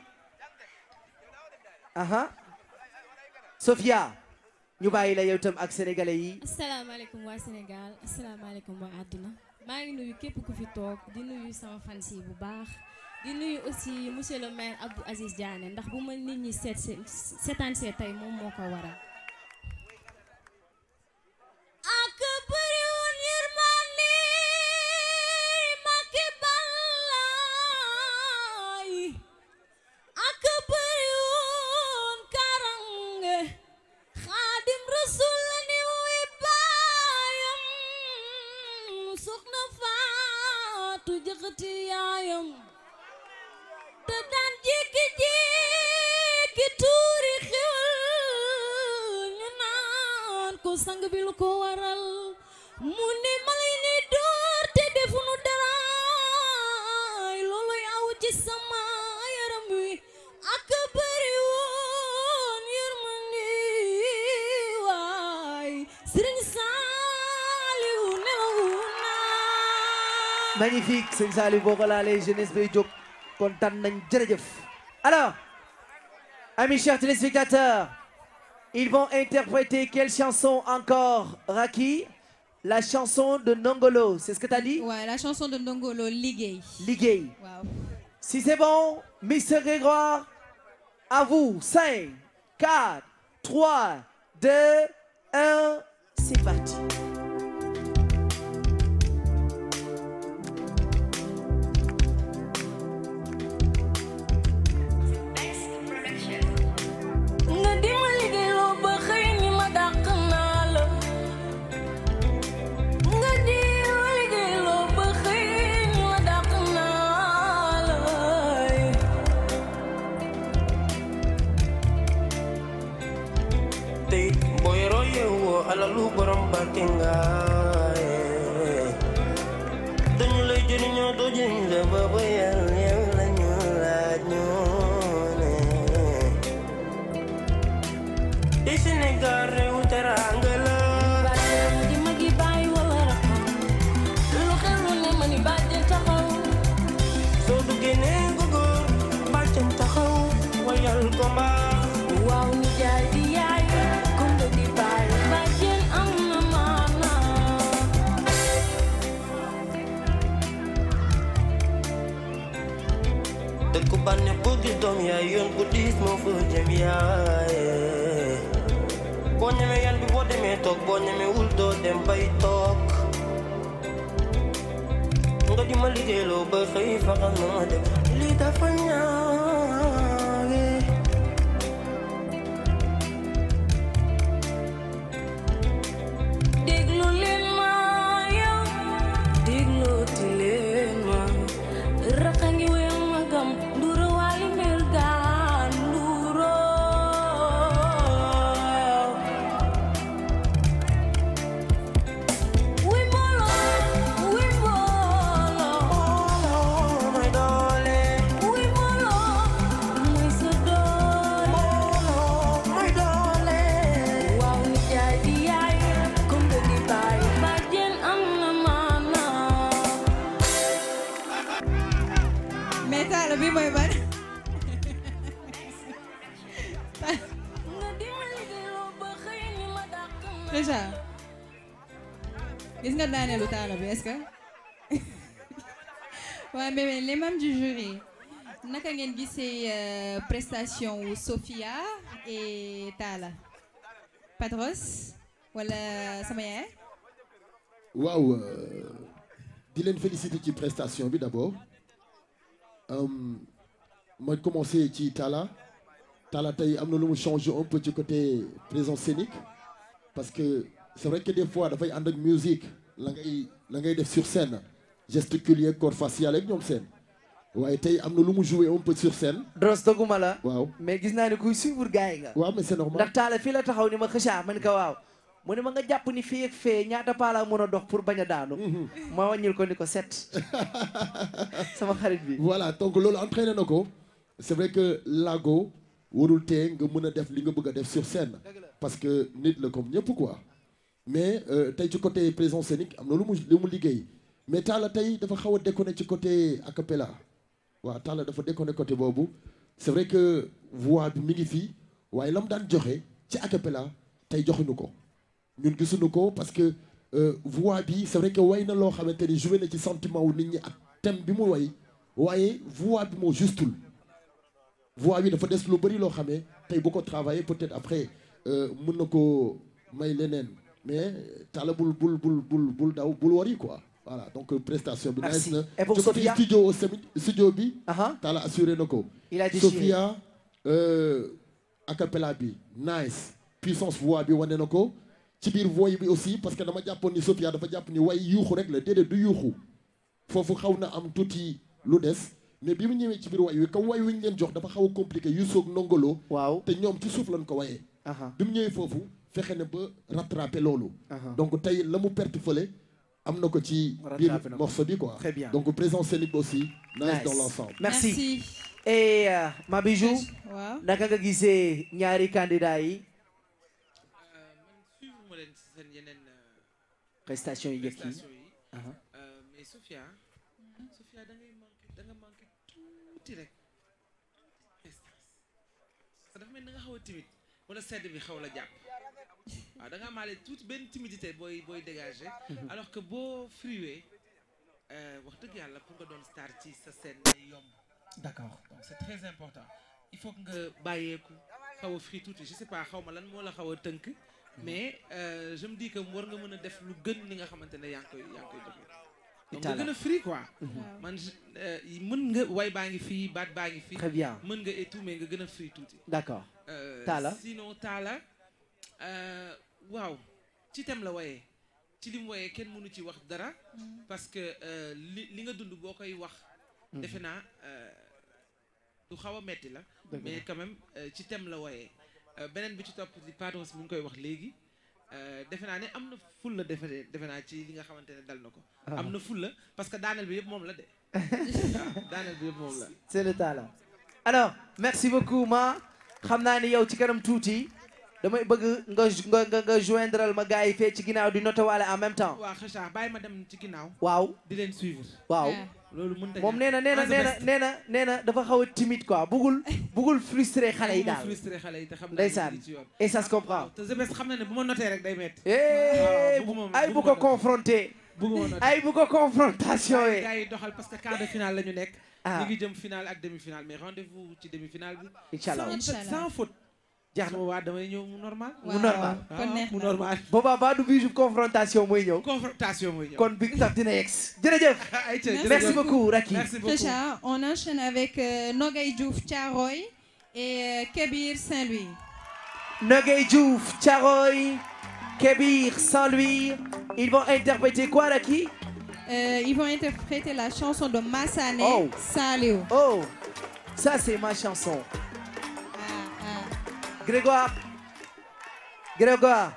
Aha. Sophia. ñu bàyyi la yow ak sénégalais yi. asalaamaaleykum waa Sénégal asalaamaaleykum waa àdduna maa ngi nuyu képp ku fi toog di nuyu sama fans yi bu baax. di nuyu aussi monsieur le maire Abdou Aziz Diané ndax bu ma nit ñi seet seetaan see tey moom moo ko waral sëñ Saliou boo ko laalee jeunesse bay jóg alors amis chers téléspectateurs ils vont interpréter quelle chanson encore Racky la chanson de Nongolo c'est ce que t'as dit la chanson de Nongolo liggéey liggéey wow. si c'est bon Mister Grégoire à vous 5 4 3 c'est parti parking ay dañu lay jëriñoo doo jëriñ la ba bay doom yaay yoon bu diis moo fa jëm yaaye boo ñemee yan bi boo demee toog boo ñemee wul doo dem bay toog nga di ma liggéeyloo ba xëy fa xam na ma dem lii dafa ñaaw te bii mooy ban Kheucha gis nga daaneelu taala bi est-ce que waaw mais les membres du jury naka ngeen gisee euh, prestation wu Sophia et Talla Padros wala sama yaay waaw euh, di leen féliciter ci prestation bi d'abord Euh, ma commencé ci Talla Talla tey am na lu mu changé un peu ci côté présence scénique parce que c'est vrai que des fois dafay ànd ak musique la ngay la ngay def sur scène gesticuler corps facial ak ñoom seen waaye tey am na lu mu joué un peu sur scène. Dross doguma la. waaw mais gis naa ne kuy suivre gars yi nga. waaw mais c'est normal ndax Talla fii la taxaw ni ma xëcaa ah, man ka waaw. mu ne ma nga jàpp ni fii ak fee ñaata paa laa mën a dox pour bañ a daanu. Mhm. ma wàññil ko ni ko set. sama xarit bi. voilà donc loolu entraîné na ko c'est vrai que Lago warul tee nga mën a def li nga bëgg a def sur scène. parce que nit la comme ñëpp quoi. mais euh, tey ci côté présence scénique am na lu mu lu mu liggéey mais Talla tey dafa xaw a déconné ci côté a cappella waaw Talla dafa déconné côté boobu c'est vrai que voix bi mi ngi fii waaye la mu daan joxe ci a tey joxuñu ko. ñun gisuñu ko parce que euh, voix bi c'est vrai que way na loo xamante ni joué na ci sentiment wu nit ñi ak thème bi mu way waaye voix bi moo justul voix bi dafa des lu bëri loo xamee tey bu ko travaillé peut-être après euh, mën na ko may leneen mais tala bul bul bul bul daw bul wari quoi voilà donc euh, prestation bi nice na ci côté studio au semi studio bi tala na ko Sophia acapella bi nice puissance voix bi wane na ko ci biir voy bi aussi parce que dama jàppoon ni Sophia dafa jàpp ni way yuuxu rek la déedéet du yuuxu foofu xaw na am tuuti lu des mais bi mu ñëwee ci biir way wi comme way wi ñu leen jox dafa xaw a compliqué Youssou ak Ndongolo waaw te ñoom ci suuf lañ ko wayee bi mu ñëwee foofu fexe na ba rattrapé loolu donc tey la mu perte fële am na ko ci biir morceau bi quoi très bien donc présence scénique aussi nice dans l'ensemble merci et euh, ma bijou naka nga gisee ñaari candidat yi prestation yu njëkk yi uh-huh. euh, mais Sofia mm-hmm. Sofia da ngay manqué da nga manqué tuuti mel ni nga xaw a timide wala sedd bi xaw la jàpp waaw da nga amaale tuuti benn timidité booy booy dégagé mm-hmm. alors que boo friwee euh, wax dëgg yàlla pour nga doon star ci sa scène day yomb d'accord donc c'est très important il faut que nga bàyyeeku xaw a fri tuuti je sais pas xaw ma lan moo la xaw a tënk mais euh, je me dis war nga mën a def lu gën li nga xamante ne yaa ngi koy yaa ngi koy nga gën euh, baa ngi fii baat baa ngi fii. très bien mën nga nga gën a free tuuti. d'accord euh, Talla sinon Talla waaw ci thème la woyee ci lim woyee wayee kenn mënu ci wax dara. Mm. parce que li li nga dund boo koy wax. Mm-hmm. defe naa du xaw a metti la. mais quand même ci thème la wayee. Euh, beneen bi ci topp di Patos mi ngi koy wax léegi euh, defe naa ne am na fulla defe defe naa ci li nga xamante ne dal na ko. Ah. am na fulla parce que daaneel bi yëpp moom la de. Ah, daaneel bi yëpp moom la. merci beaucoup ma xam naa ni yow ci kanam tuuti. damay bëgg nga nga nga joindral ma gars yi fee ci ginnaaw di noté waale en même temps. waaw xëcc bàyyi ma dem ci ginnaaw. waaw di waaw ah. loolu mënut moom nee na nee na nee nee na nee na dafa xaw a timide quoi bugul bugul frustré xale yi daal. frustré xale yi te xam ndeysaan et ça se comprend. te Zbest xam na ne bu ma noté rek day métti. Eh, ay bu ko ay bu ko confrontation yi. gars yi doxal parce que quart de finale la ñu nekk. ah ñu ngi jëm finale ak demi finale jaax na ma waa damay ñëw mu normal. mu normal mu normal. boobaa baadu bisu confrontation mooy ñëw. confrontation mooy ñëw kon bi tax dina yegg si. jërëjëf. merci beaucoup Racky. merci beaucoup Chacha on enchaîne avec euh, Nogay Diouf Thiaroye et euh, Kébir Saint-Louis. Nogay Diouf Thiaroye Kébir Saint-Louis ils vont interpréter quoi Racky. Euh, ils vont interpréter la chanson de Massané. oh Saliou. oh ça c'est ma chanson. Grégoire, Grégoire,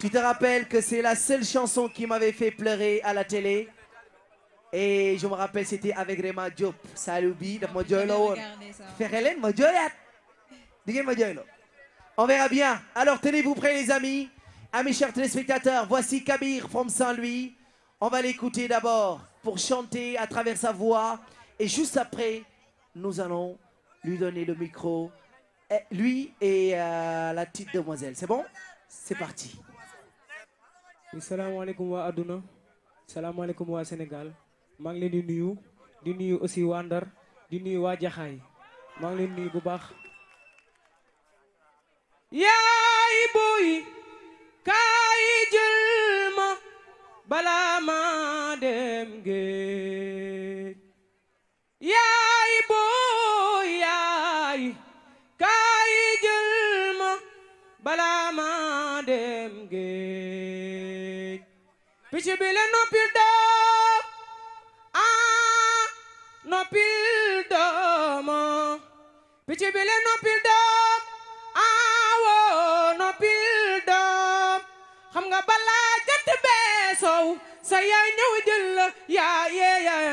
tu te rappelles que c'est la seule chanson qui m'avait fait pleurer à la télé et je me rappelle c'était avec Rema Diop Saliou bi daf ma On verra bien alors tenez-vous prêts les amis amis chers téléspectateurs voici Kabir from saint on va l'écouter d'abord pour chanter à travers sa voix et juste après nous allons lui donner le micro. Eh, lui et euh, la petite demoiselle c'est bon c'est parti salaamaaleykum waa adduna salaamaaleykum waa Sénégal maa ngi leen di nuyu di nuyu aussi waa Ndar di nuyu waa Jaxaay maa ngi leen nuyu bu baax yaay boy kaay jël ma balaa ma dem géej ci bile noppil doom awo noppil doom xam nga balaa jant bee sow sa yaay ñëw jël la yaay yaay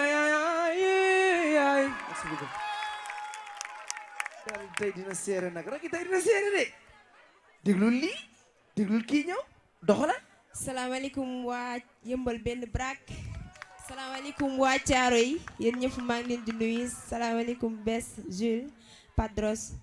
yaay daal tey dina seere nag rek tey dina seere de déglul lii déglul kii ñëw doxala salaamaaleykum waa yëmbal benn brak salaamaaleykum waa caaro yi yéen ñëpp maa ngi leen di nuyu salaamaaleykum Bess Jules Padros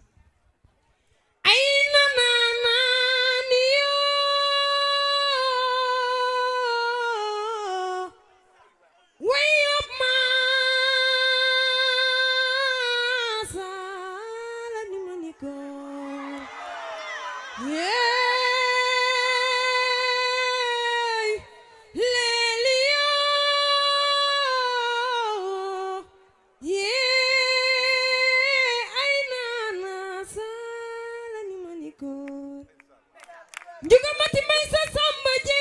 góor ndigam mati sa samba jee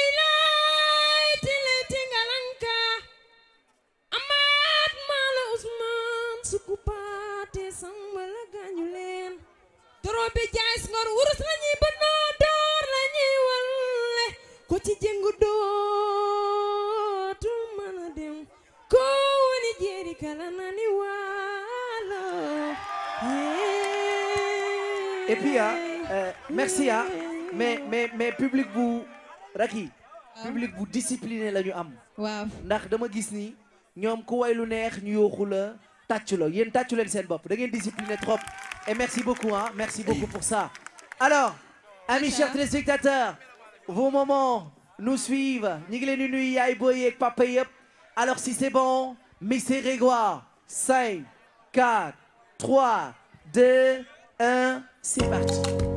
public bu raki ah. public bu discipliné la ñu am. ndax dama gis ni ñoom ku way lu neex ñu yooxu la tàccu la yéen tàccu leen seen bopp da ngeen discipliné trop et merci beaucoup ah merci beaucoup pour ça. alors amis chers téléspectateurs vos moments nous suivent ñu ngi leen di nuyu yaay booy yeeg papa yëpp alors si c'est bon Missiré Grégoire 5 4 3 2 1 c'est parti.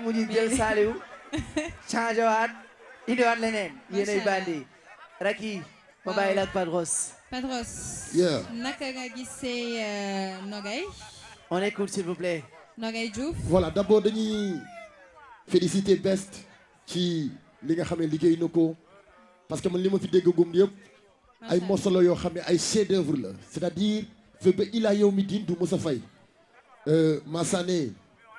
ngeen mujj jël Saliou changé waat leneen yéenay bandi Racky ma bàyyi la ak Padros Padros naka nga gisee euh, Nogay on écoute s'il vous plaît Nogay Diouf voilà d'abord dañuy féliciter Best ci li nga xam liggéey na ko parce que man li ma fi dégg gum yëpp ay mosolo yoo xam ne ay chef d'œuvre la c'est-à-dire fe ba ilaa yow mi diin du mos fay euh, Massané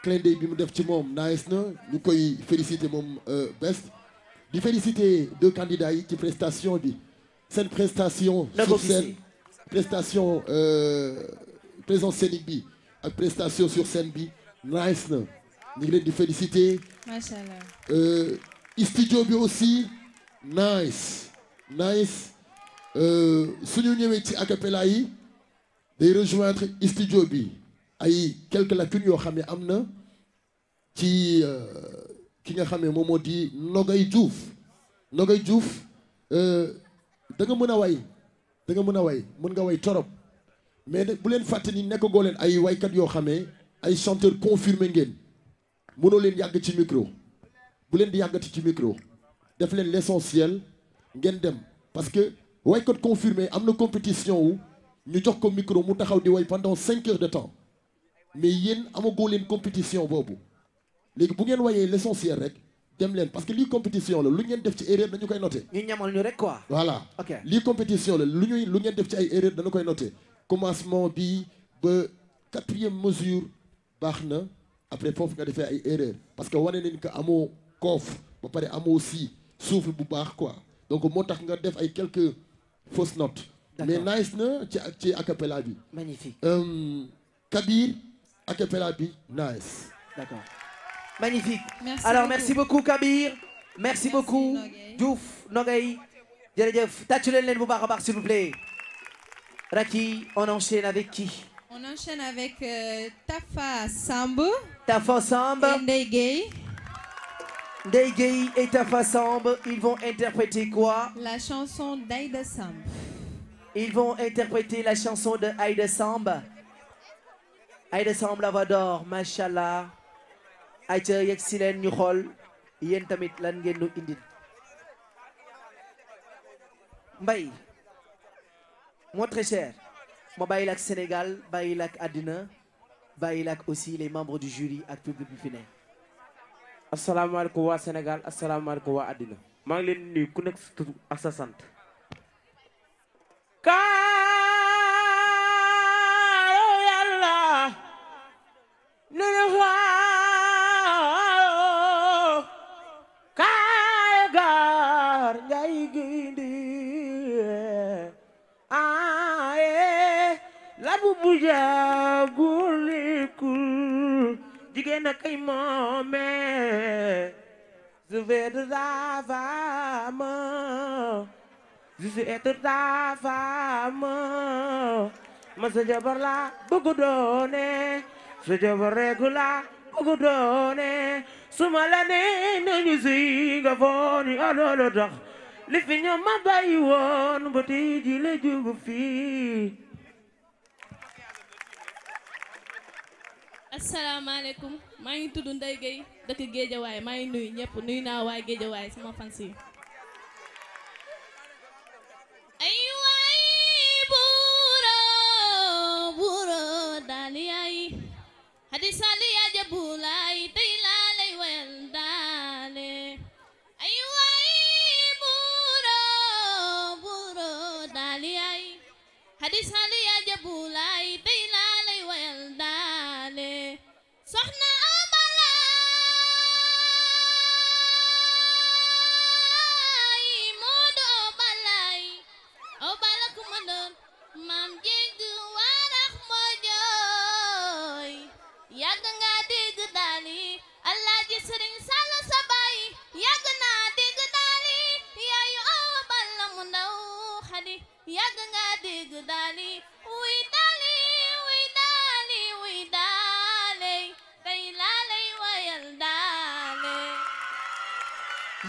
clin d'œil bi mu def ci moom nice na ñu koy féliciter moom euh, best di féliciter deux candidats yi ci prestation bi seen prestation sur scène prestation euh, présence bi ak prestation sur scène bi nice na ñu ngi leen di féliciter macha allah euh, studio bi aussi nice nice suñu ñëwee ci acapella yi day rejoindre studio bi ay quelques lacunes yoo xam ne am na ci euh, ki nga xam ne moom moo di Nogay Diouf Nogay Diouf euh, da nga mën a way danga mën a way mën nga way torop mais bu leen fàtte ni nekk goo leen ay waykat yoo xamee ay chanteur confirmé ngeen mënoo leen yàgg ci micro bu leen di yàggati ci micro def leen l'essentiel ngeen dem parce que waykat confirmé am na compétition wu ñu jox ko micro mu taxaw di way pendant cinq heures de temps mais yéen amagoo leen compétition boobu léegi bu ngeen wayee l'essentiel rek dem leen parce que lii compétition la lu ngeen def ci erreur dañu koy noté. ñu ñamal ñu rek quoi. voilà ok lii compétition lu ñuy lu ngeen ci ay erreur dañu koy noté commencement bi ba quatrième mesure baax na après foofu nga defee ay erreur parce que wane nañ que amoo koof ba pare amoo si souffle bu baax quoi donc moo tax nga def ay quelque fausses notes. mais nice na ci ci acapella bi. magnifique. Euh, Kabir. acapella bi nice. D'accord. Magnifique. Merci Alors merci beaucoup Kabir. Merci, beaucoup Diouf Nogay. jërëjëf tàccu leen leen bu baax a baax s'il vous plaît. Raki on enchaîne avec qui. On enchaîne avec euh, Tafa Samb. Tafa Samb et Ndeye Gueye. et Tafa Samb ils vont interpréter quoi? La chanson d'Aïda Samb. Aïda Samb Lavador macha allah ayca yegg si leen ñu xool yéen tamit lan ngeen nu indil mbay mon très cher ma bàyyi lak Sénégal bàyyi la ak àddina bàyyi lak ak aussi les membres du jury ak public bi fi ne. asalaamaaleykum waa Sénégal asalaamaaleykum waa àddina maa ngi leen nuyu ak sa sant. jigéen a kay moome je vais de la femme je suis être ta ma sa jabar la bëgg doone su jëfandikoo ku doone su ma la nee nañu si nga foon yi loolu li fi ñoom ma bàyyi woon ba tey ji la jóg fii. asalaamaaleykum maa ngi tudd Ndeye Gueye dëkk Géejawaay maa ngi nuyu ñëpp nuyu naa waa Géejawaay sama fans yi Adisa yàgg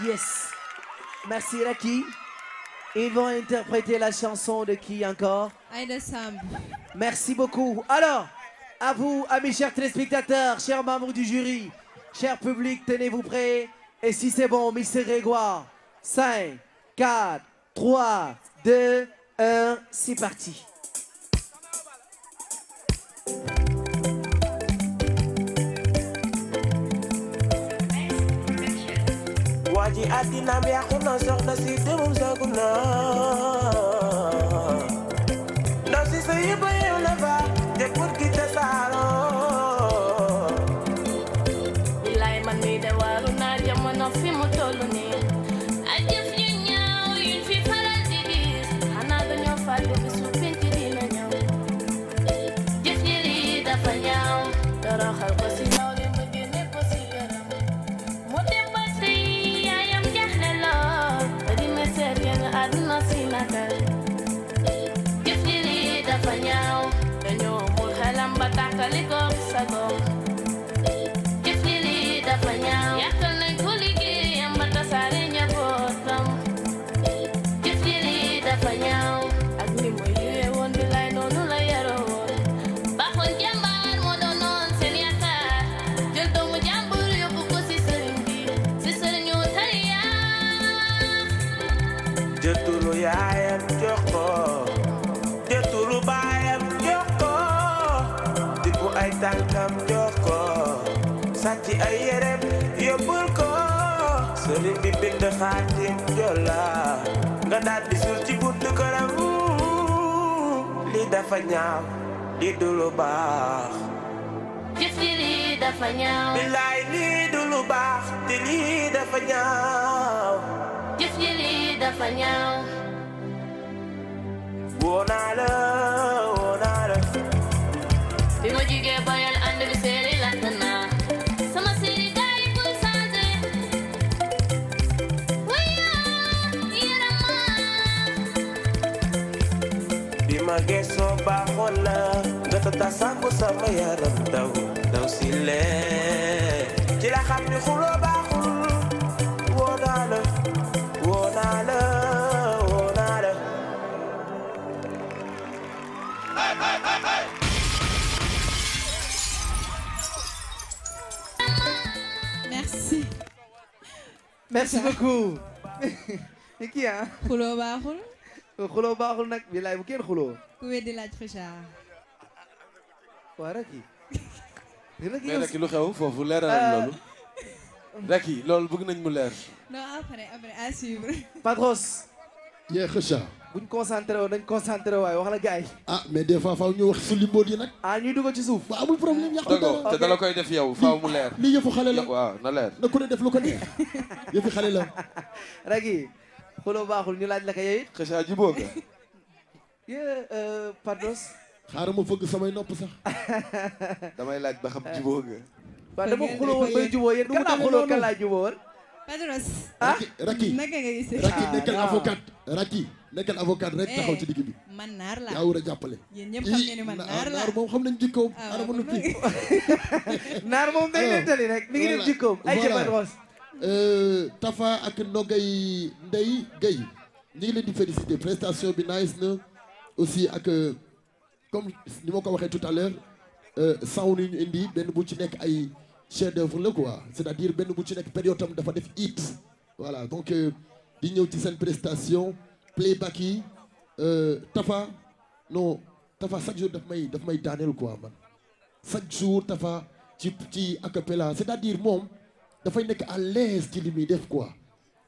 yes merci Racky ils vont interpréter la chanson de qui encore merci beaucoup alors à vous amis chers téléspectateurs chers membres du jury cher public tenez-vous prêts et si c'est bon Mister Grégoire 5 4 3 2 1, c'est parti. waa ji àddina bi yàqu na soxna si demum sëriñ bi bind xaatim jola nga daal di suul ci buntu këram li dafa ñaaw li du lu baax jëf ji lii dafa ñaaw bilaay lii du lu baax te lii dafa ñaaw jëf la ta sànku sama yaram daw daw si lee ci la xam ni xuloo baaxul woo naa merci merci beaucoup ni kii ah xuloo nag bilaay bu kenn xuloo ku weddi laaj waa Racky. mais Racky lu xew foofu leeralal euh, loolu. Racky loolu bëgg nañ mu leer. non après après à suivre. Patros. yee xëcca. buñ concentré woon dañ concentré waaye wax la gars yi. ah mais des fois faaw ñu wax su limbo yi nag. ah ñuy dugg ci suuf. waaw amul problème yàqu dara te dala koy def yow faaw mu leer. lii yëfu xale la waaw na leer. na ku def lu ko neex yëfu xale la. Racky. xuloo baaxul ñu laaj la ko yow it. xëcca jubóo euh, Patros. xaaral ma fëgg samay nopp sax. damay laaj ba xam jubóo nga. waaw dama xuloo woon bay jubóo yéen kan laa xuloo kan laa jubóo woon. Padros. ah Racky naka nga gisee. Racky ah, nekkal avocat Racky nekkal avocat rek eh, taxaw ci digg bi. man naar laa yaa war jàppale. yéen ñëpp xam ngeen ni man naar moom xam nañ jikkoom. Ah, waaw moom naar moom day nettali rek mi ngi def jikkoom. ay ca Padros. Euh, Tafa ak Ndogay Ndeye Guèye ñu ngi leen di féliciter prestation bi nice na aussi ak. Euh, comme ni ma ko waxee tout à l'heure euh, sound yi ñu indi benn bu ci nekk ay chef d'œuvre la quoi c'est-à-dire benn bu ci nekk période tam dafa def hit voilà donc euh, di ñëw ci seen prestation playback yi euh, Tafa non Tafa chaque jour daf may daf may daaneel quoi man chaque jour Tafa ci ci a cappella c'est-à-dire moom dafay nekk à l'aise ci li muy def quoi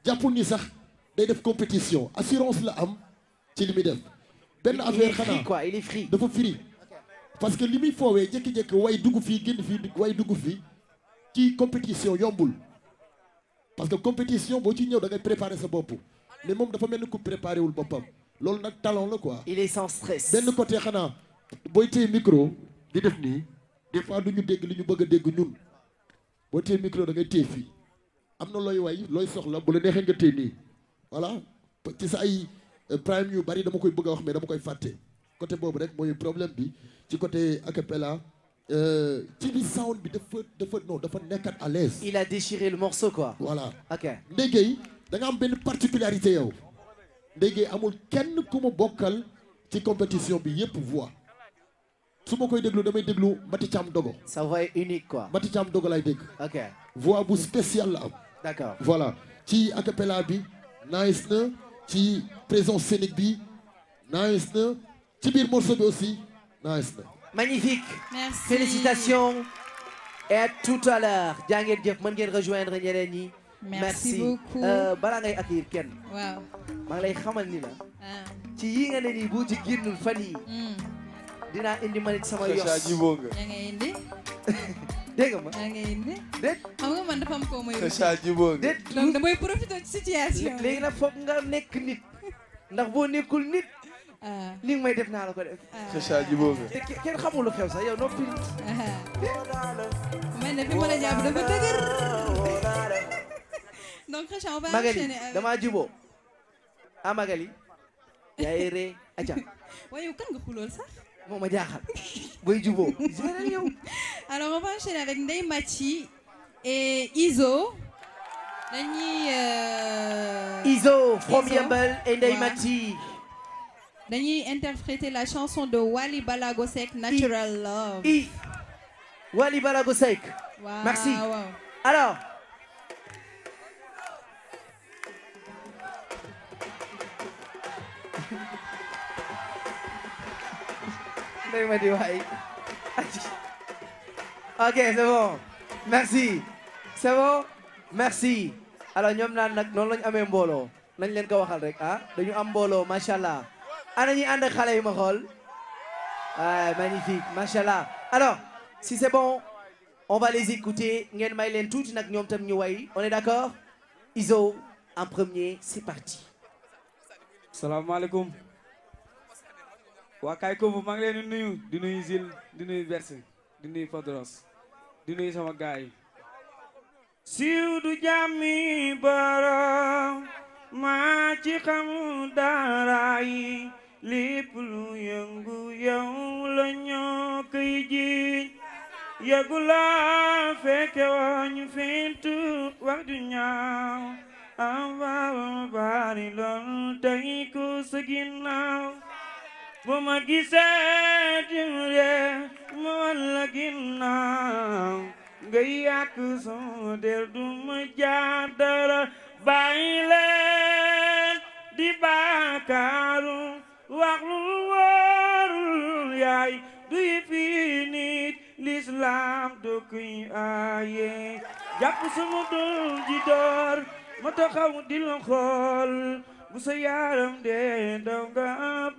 jàppul ni sax day def compétition assurance la am ci li muy def benn affaire xanaa quoi il est free dafa free parce que li muy foowee jékki-jékki way dugg fii génn fii way dugg fii ci compétition yombul parce que compétition boo ci ñëw da préparer sa bopp mais moom dafa mel ni ku préparé wul boppam loolu nag talent la quoi. il est sans stress. xanaa booy téye micro di def nii des fois du ñu dégg li ñu bëgg a dégg ñun boo téye micro da ngay téye fii am na looy way looy soxla bu la neexee nga téye nii voilà ci sa ay. prime yu bari dama koy bëgg a wax mais dama koy fàtte côté boobu rek mooy problème bi ci côté acapella euh, ci bi sound bi dafa dafa non dafa nekkat à l'aise il a déchiré le morceau quoi voilà ok ndéggéey da am benn particularité yow ndéggéey amul kenn ku ma bokkal ci compétition bi yëpp voix su ma koy déglu damay déglu Mati Thiam Dogo sa voix unique quoi Mati Thiam Dogo lay dégg ok voix bu spéciale la am voilà ci acapella bi nice na ci présence scénique bi nice na ci biir morceau bi aussi nice na. magnifique. merci et tout à l'heure jaa ngeen jëf mën ngeen rejoindre ñeneen ñi. merci beaucoup merci euh, balaa ngay accueillir lay xamal ni la. Ah. ci yi nga ne nii bu ci génnul fan yii. Hmm. dinaa indi man it sama yos. yaa ngi indi. dégg nga ma. nga man dafa am koo may. déet donc damay profité ci situation bi. léegi nag foog nga nekk nit. ndax boo nekkul nit. li ah. nga may def naa la ko def. Chacha ah. Djibo nga. te kenn xamul lu xew sax yow noppi. man de fi ma la jàpp dafa dëgër. donc Chacha on va enchaîner. Magali damaa juboo. ah Magali. yaa ngi ree aja. waaye kan nga xulool sax. moo ma jaaxal booy jubóo général yow. alors on va enchaîner avec Ndeye Mathi et Izo. dañuy. Euh... Izo from Yeumbeul et Ndeye Mathi. dañuy interpréter la chanson de Wally Balago Seck Natural I, Love. I Wally Balago Seck. waaw merci alors. Ndeye Madi waay ok c'est bon merci c'est bon merci alors ñoom naan nag noonu la amee mbooloo nañ leen ko waxal rek ah dañu am mbooloo macha allah ana ñi ànd xale yu ma xool ah magnifique macha alo alors si c'est bon on va les écouter ngeen may leen tuuti nag ñoom tam ñu way on est d'accord Izo en premier c'est parti. salaamaaleykum. waa kaay koofu maa ngi leen nuyu di Zil di nuyu Bercy di nuyu sama gaay yi du jàmmi borom maa ci xamu dara yi lépp yëngu yow la ñoo ji yëgula fekke wañu fintu wax du ñaaw am baaru baari lool tey ko sa ginnaaw bu ma gisee tim ree ma wan la ginnaaw nga yàq sama der du ma jaar dara bàyyi di baakaaru wax lu wóorul yaay du fi nit l'islam du kuy aaye jàpp sama doom ji door ma taxaw di xool bu sa yaram dee daw nga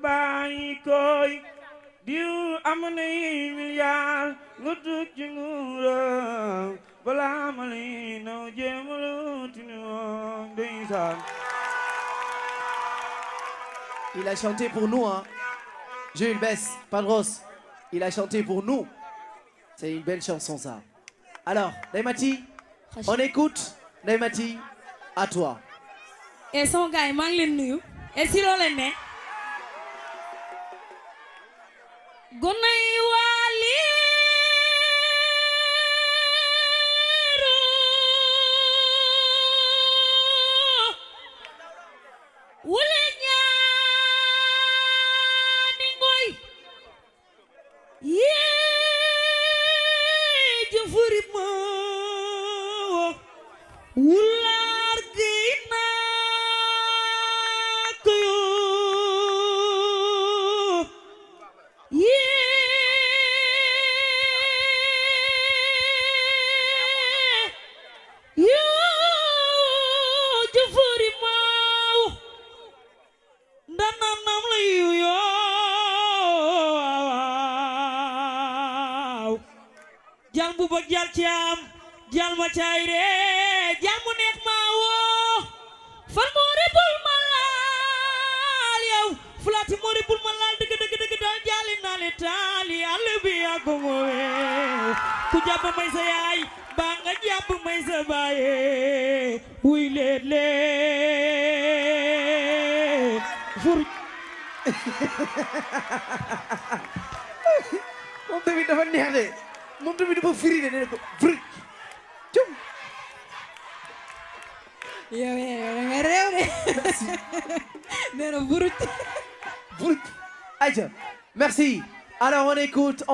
bàyyi koy diw am na yi milliard nga dugg ci nguuram balaa ma lii naw jéemalu tinoon il a chanté pour nous hein Jules Bess Padros il a chanté pour nous c'est une belle chanson ça alors Ndeye on écoute Ndeye à toi et eh, sama maa leen nuyu et eh, leen ne gone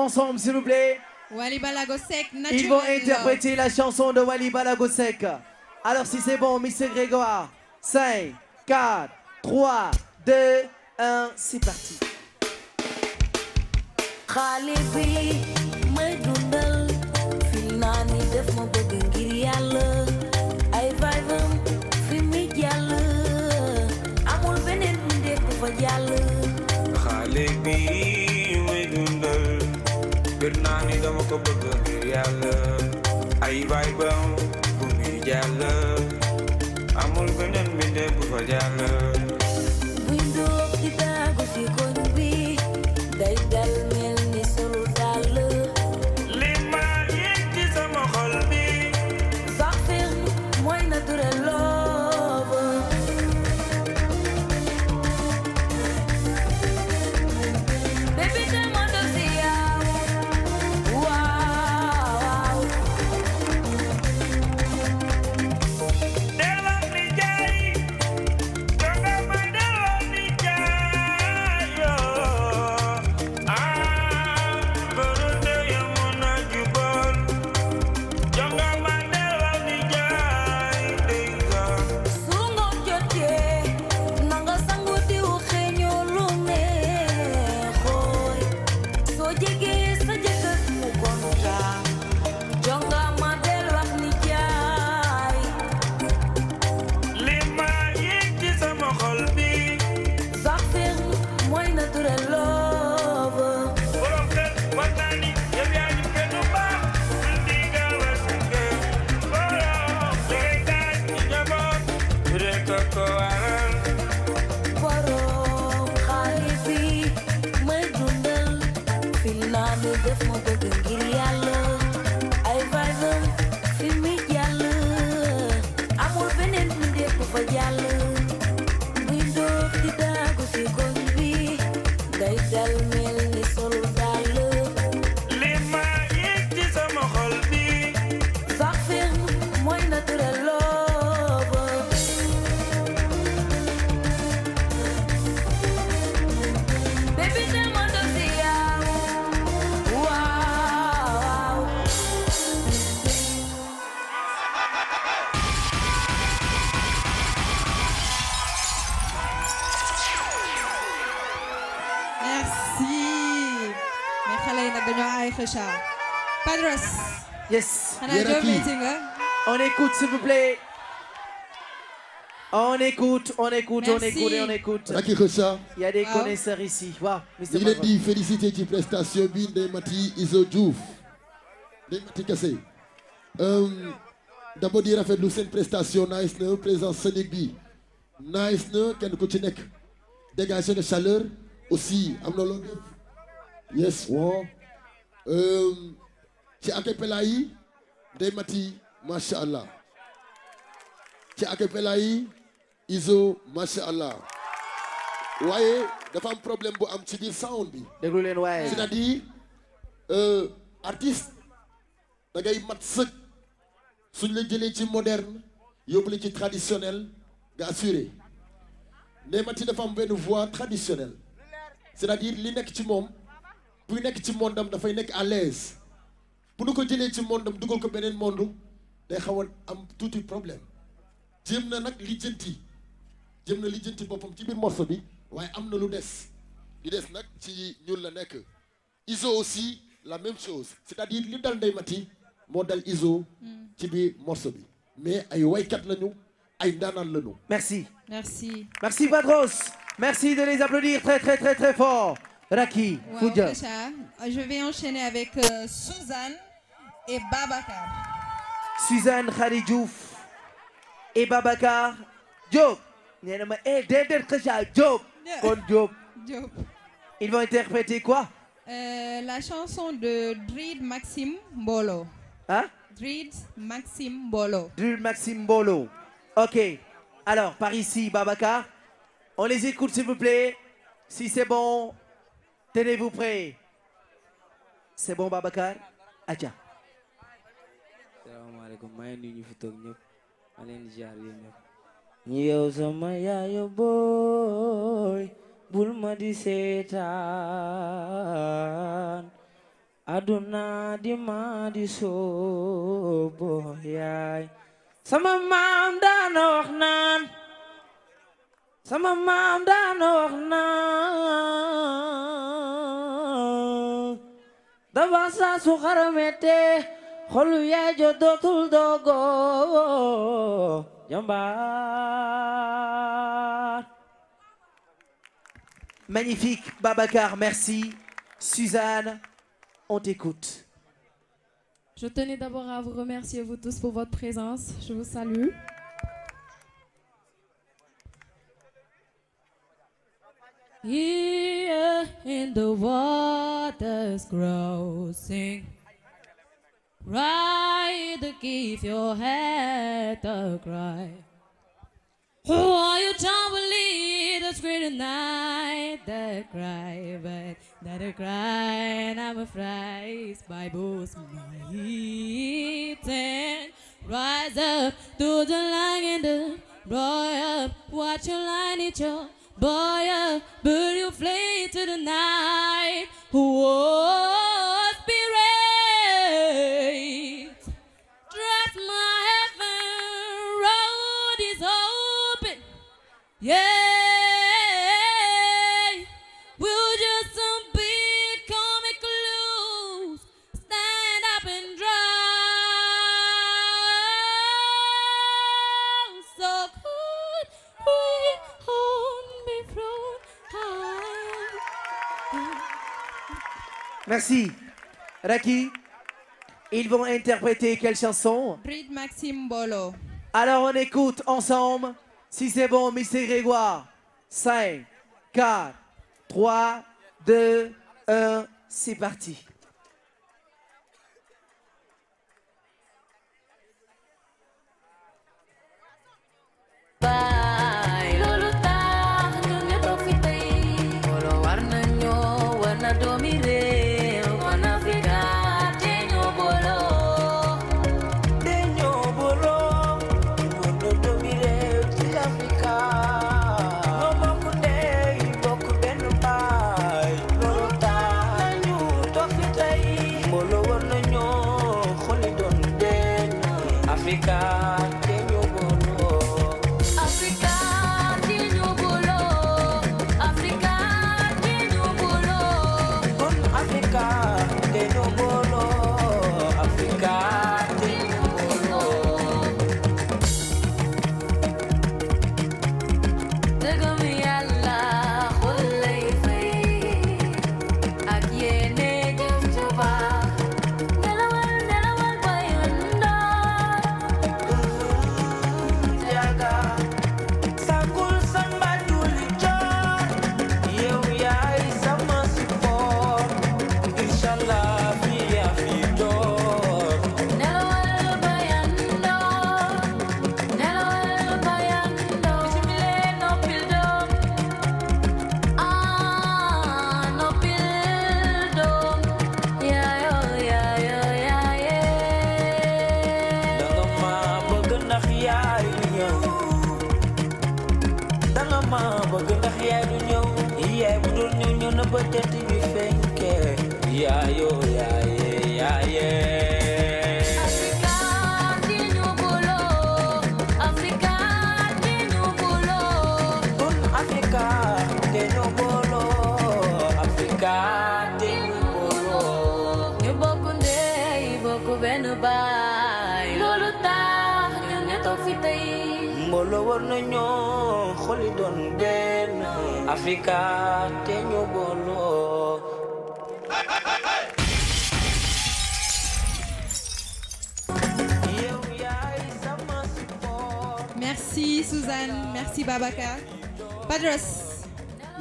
ensemble, s'il vous plaît. Wally Balago Sec, Ils vont interpréter la chanson de Wally Balago Sec. Alors, si c'est bon, Monsieur Grégoire, 5, 4, 3, 2, 1, c'est parti. xale bi gën naa ni dama ko bëgg ngir yàlla ay baay bam bu muy jàll amul beneen mbindee bu fa jàll buy doog ci taagu ci koñ bi day dal écoute, s'il vous plaît. On écoute, on écoute, Merci. on écoute et on écoute. Il y a des wow. Ah. connaisseurs ici. Wow, Il est dit prestation de Mati Isodouf. De Mati Kassé. Euh, d'abord dire fait kenn ku ci nekk. Dégager de chaleur aussi am na loolu Yes waaw. Euh, ci acapella yi day mati macha allah. ci acapella yi ISO macha allah waaye dafa am problème bu am ci biir sound bi. déglu leen waaye. c'est-à-dire euh, artiste da mat sëg suñ la jëlee ci moderne yóbbu la ci traditionnel nga assuré Némati dafa am benn voix traditionnelle c'est-à-dire li nekk ci moom buy nekk ci mondam dafay nekk à l'aise bu nu ko jëlee ci mondam dugal ko beneen monde day xaw a am tuuti problème. jéem na nag lijjanti jéem na lijjanti boppam ci biir morceau bi waaye am na lu des li des nag ci ñun la nekk iso aussi la même chose c'est-à-dire li dal Ndeye Maty moo dal iso ci biir morceau bi mais ay waykat lañu ay ndaanaan lañu merci merci merci Padros merci de les applaudir très très très très fort Raki wow, je vais enchaîner avec euh, et Babacar Suzanne Khari i eh, Babacar Diop nee eh, interpréter quoi euh, la chanson de Drid Maxime Mbolo ah Drid Maxime Mbolo Drid Maxime Mbolo ok alors par ici Babacar on les écoute s'il vous plaît si c'est bon tenez-vous prêts c'est bon Babacar aja ma leen di jaar yéen sama yaayo booy di seetaan aduna di ma di soobo sama maam daana wax naan sama maam daana wax naan daba saa su xolu yaay jo dootul dogo jàmbaar magnifique Babacar merci Suzanne on t'écoute je tenais d'abord à vous remercier vous tous pour votre présence je vous salue Here in the waters grow sing Ride the give your head a cry. Who are you tumbling that's greater night that cry, but that a cry and I'm afraid by both my heat and rise up to the line and the boy up, watch your line at your boy up, but you flee to the night. Whoa. Merci. Raki, ils vont interpréter quelle chanson Bride Maxime Bolo. Alors on écoute ensemble, si c'est bon, Mr. Grégoire. 5, 4, 3, 2, 1, c'est parti. Bye. nañoo xoli doon benn Afrika te ñu booloo merci Suzanne merci Babacar Padros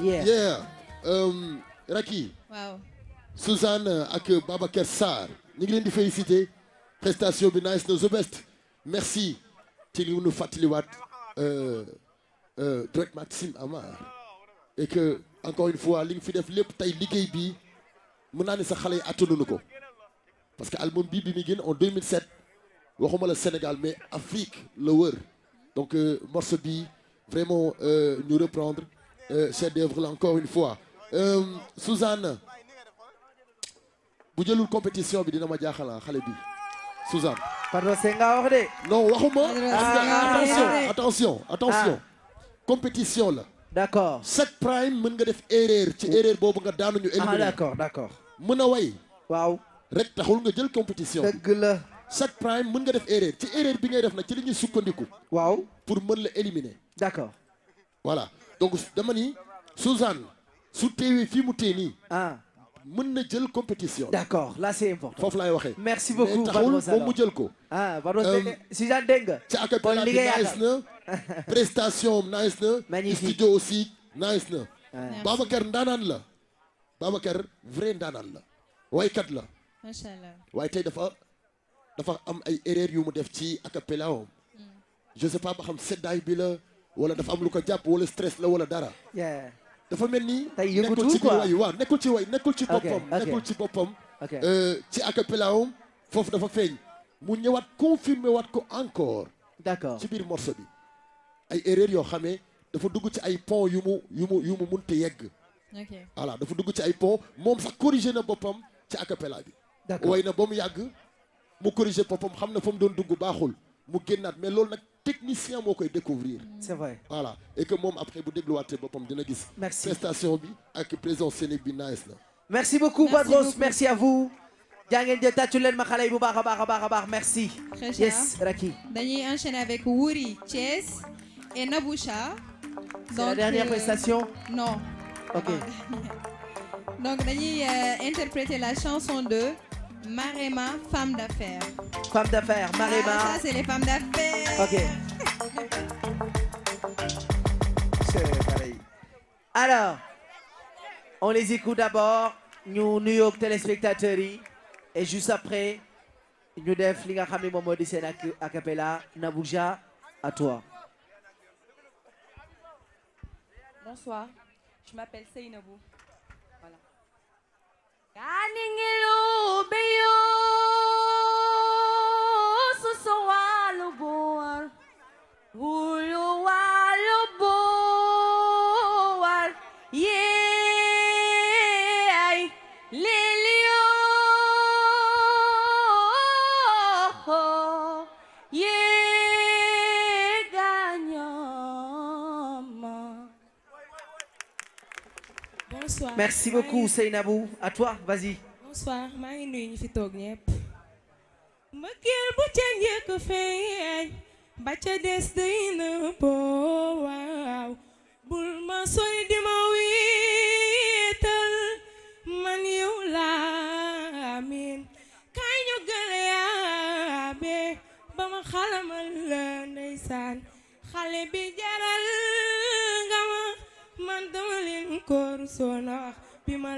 yeah, yeah. Um, Raki waaw Suzanne ak Babacar Sarr ñu ngi leen di féliciter prestation bi nice no the best merci ci li nu fàttaliwaat euh, euh, Drake Maxime Amar et encore une fois li nga fi def lépp tey liggéey bi mën naa ne sa xale yi attanuñu ko parce que album bii bi mu génn en 2007 waxuma la Sénégal mais Afrique la wër donc euh, morceau bi vraiment euh, ñu reprendre euh, chef d'œuvre la encore une fois Suzanne bu jëlul compétition bi dina ma jaaxal ah, xale bi. Suzanne. pardon sëñ nga wax de. non waxuma. Ah, ah, ah, attention attention attention. compétition la. d'accord chaque prime mën nga def erreur ci erreur boobu nga daanuñu ñu ah d'accord mën a way. waaw rek taxul nga jël compétition. dëgg la. chaque prime mën nga def erreur ci erreur bi ngay def nag ci li ñuy sukkandiku. waaw pour mën la éliminer. d'accord. voilà donc dama ni Suzanne su teewee fii mu tee nii. mën na jël compétition. d'accord là foofu laay waxee. merci beaucoup Badros taxul moom mu jël ko. ah Badros euh, si jaan dégg nga. ci bi nice na prestation am nice na. magnifique studio aussi nice na. Ah. Babacar ndaanaan la Babacar vrai ndaanaan la. waykat la. macha allah waaye tey dafa dafa am ay erreur yu mu def ci acapella am. Hmm. je ba xam seddaay bi la wala dafa am lu ko jàpp wala stress la wala dara. dafa mel ni. tey yëngatu quoi waaw nekkul ci way nekkul ci boppam. nekkul ci boppam. ci acapella foofu dafa feeñ. mu ñëwaat confirmé waat ko encore. d'accord ci biir morceau bi. ay erreur yoo xamee dafa dugg ci ay pont yu mu yu mu yu mu mënta yegg. ok voilà dafa dugg ci ay pont moom sax corrigé na boppam ci acapella bi. d'accord way na ba mu yàgg mu corrigé boppam xam na fa mu doon dugg baaxul mu génnaat mais loolu nag. technicien moo koy découvrir mm. c'est vrai voilà et que moom après bu dégluwaatee boppam dina gis merci prestation bi ak présence scénique bi nice na merci beaucoup Badros merci à vous jaa ngeen jëf leen ma xale yi bu baax a baax a baax a baax merci dañuy enchaîner avec Wuri Thiès et Naboucha donc la dernière euh, prestation non ok donc dañuy euh, interpréter la chanson de Marema, femme d'affaires. Marema. Ah, c'est les femmes d'affaires. Ok. c'est on les écoute d'abord. ñu nuyoo téléspectateurs yi et juste après ñu def li nga xam ne moom moo di seen a cappella Nabouja à toi. je m'appelle Seynabou. merci beaucoup Seynabou à ngi nuyu ñu fi toog ñëpp. bu ca njëkk feeñ ba ca des day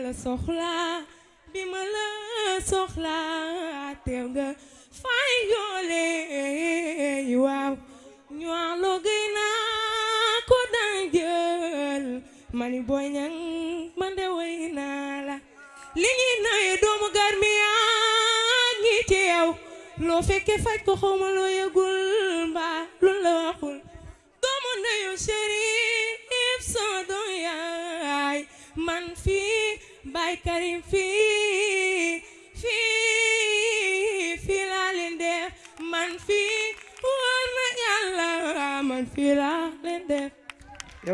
la soxla bi ma la soxla teew nga fay yoole waaw ñoo lo gëy naa ko daan jël mani booy ñan man de naa la li ñuy nawe doomu garmi yaa ngi ci yow loo fekke faj ko xawma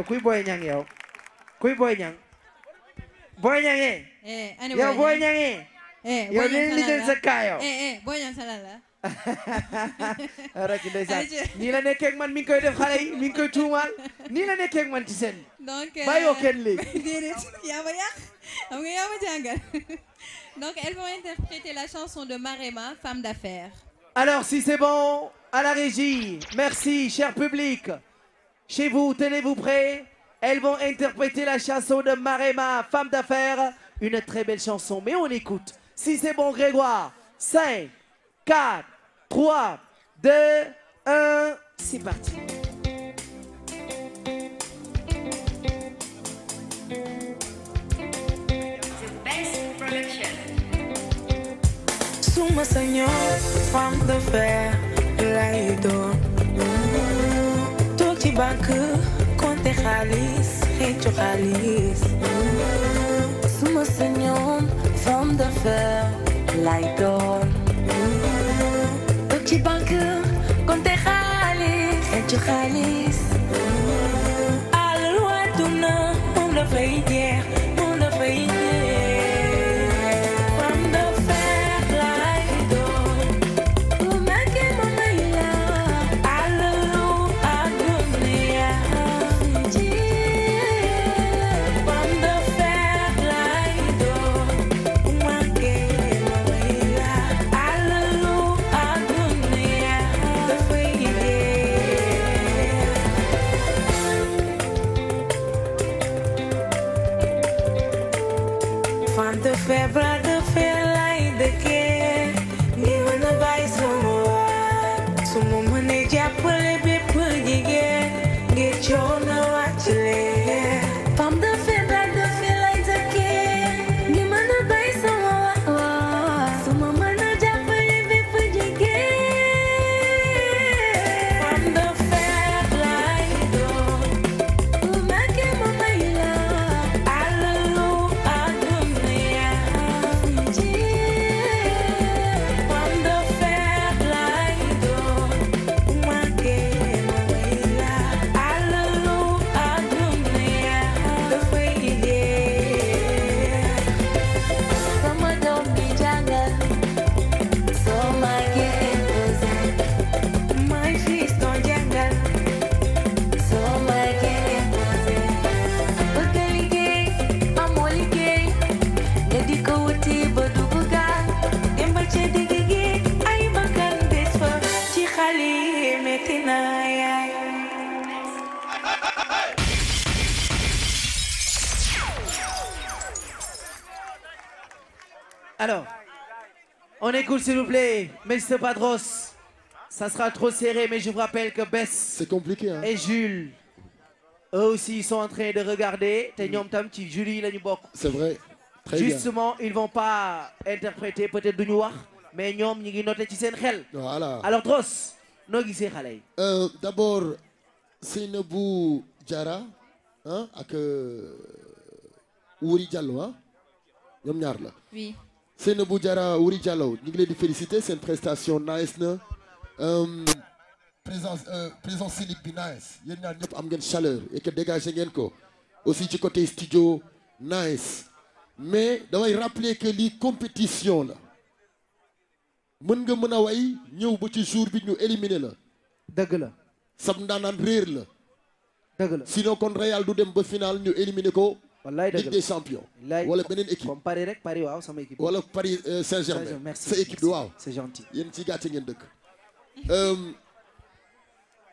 kuy booy yow kuy booy ñang booy yow booy li li jël yow booy ñang sa la rakk ndeysaan la nekkee ak man mi koy def xale yi mi ngi ni tuumaal nii la nekkee ak man ci seen donc donc elles vont interpréter la chanson de Marema femme d'affaires alors si c'est bon à la régie merci cher public Chez vous, tenez-vous prêts. Elles vont interpréter la chanson de Marema, Femme d'affaires. Une très belle chanson, mais on écoute. Si c'est bon, Grégoire. 5, 4, 3, 2, 1. C'est parti. Suma Señor, femme d'affaires, la idole. banque compte xaalis xëccu xaalis suma sañoon femme d'affaires lay doon toog ci banque compte xaalis xëccu xaalis Quanto febra de On écoute s'il vous plaît, Mr. Padros. Ça sera trop serré, mais je vous rappelle que Bess. C'est compliqué, hein. Et Jules. Eux aussi, ils sont en train de regarder. Tenyom Tam ci jury yi la ñu bokk. C'est vrai. Très Justement, bien. ils vont pas interpréter peut-être du ñu wax mais ñoom ñi ngi noté ci seen xel. Voilà. Alors Dross, noo gisee xale yi. Euh, d'abord Seynabou Diarra ah jara Wuri Diallo ah ñoom ñaar la. Seynabou Diarra Wuri Diallo ñu ngi leen di féliciter seen prestation nice na euh, présence euh, présence scénique bi nice yéen ñaar ñëpp am ngeen chaleur et que dégagé ngeen ko aussi ci côté studio nice mais damay rappeler que lii compétition la mën nga mën a way ñëw ba ci jour bi ñu éliminer la dëgg la sab ndaanaan réer la dëgg la sinon kon Real du dem ba final ñu éliminer ko wallaay dëgg la Ligue des champions. wala beneen équipe comme rek Paris waaw sama équipe. wala Paris euh, Saint-Germain sa équipe bi waaw. c'est gentil yéen ci gàcce ngeen dëkk. Euh,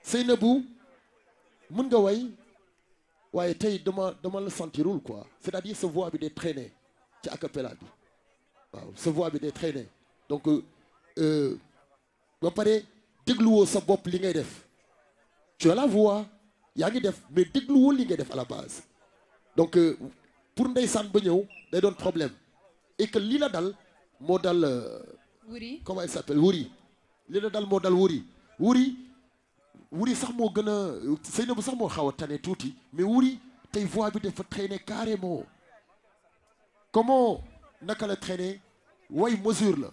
Seynabou mën nga way waaye tey dama dama la sentirul quoi c'est-à-dire sa voix bi day traîner ci acapella bi waaw sa voix bi day traîner donc euh, ba pare dégluwoo sa bopp li ngay def tu as la yaa ngi def mais dégluwoo li def à la base. donc euh, pour ndey ndeysaan ba ñëw day doon problème et lii la dal moo dal. Euh, wuri comment il s'appelle wuri li dal moo dal wuri wuri wuri sax moo gën a sëy na bu sax moo xaw a tane tuuti mais wuri tey voix bi dafa traîner carrément comment naka la traîner way mesure la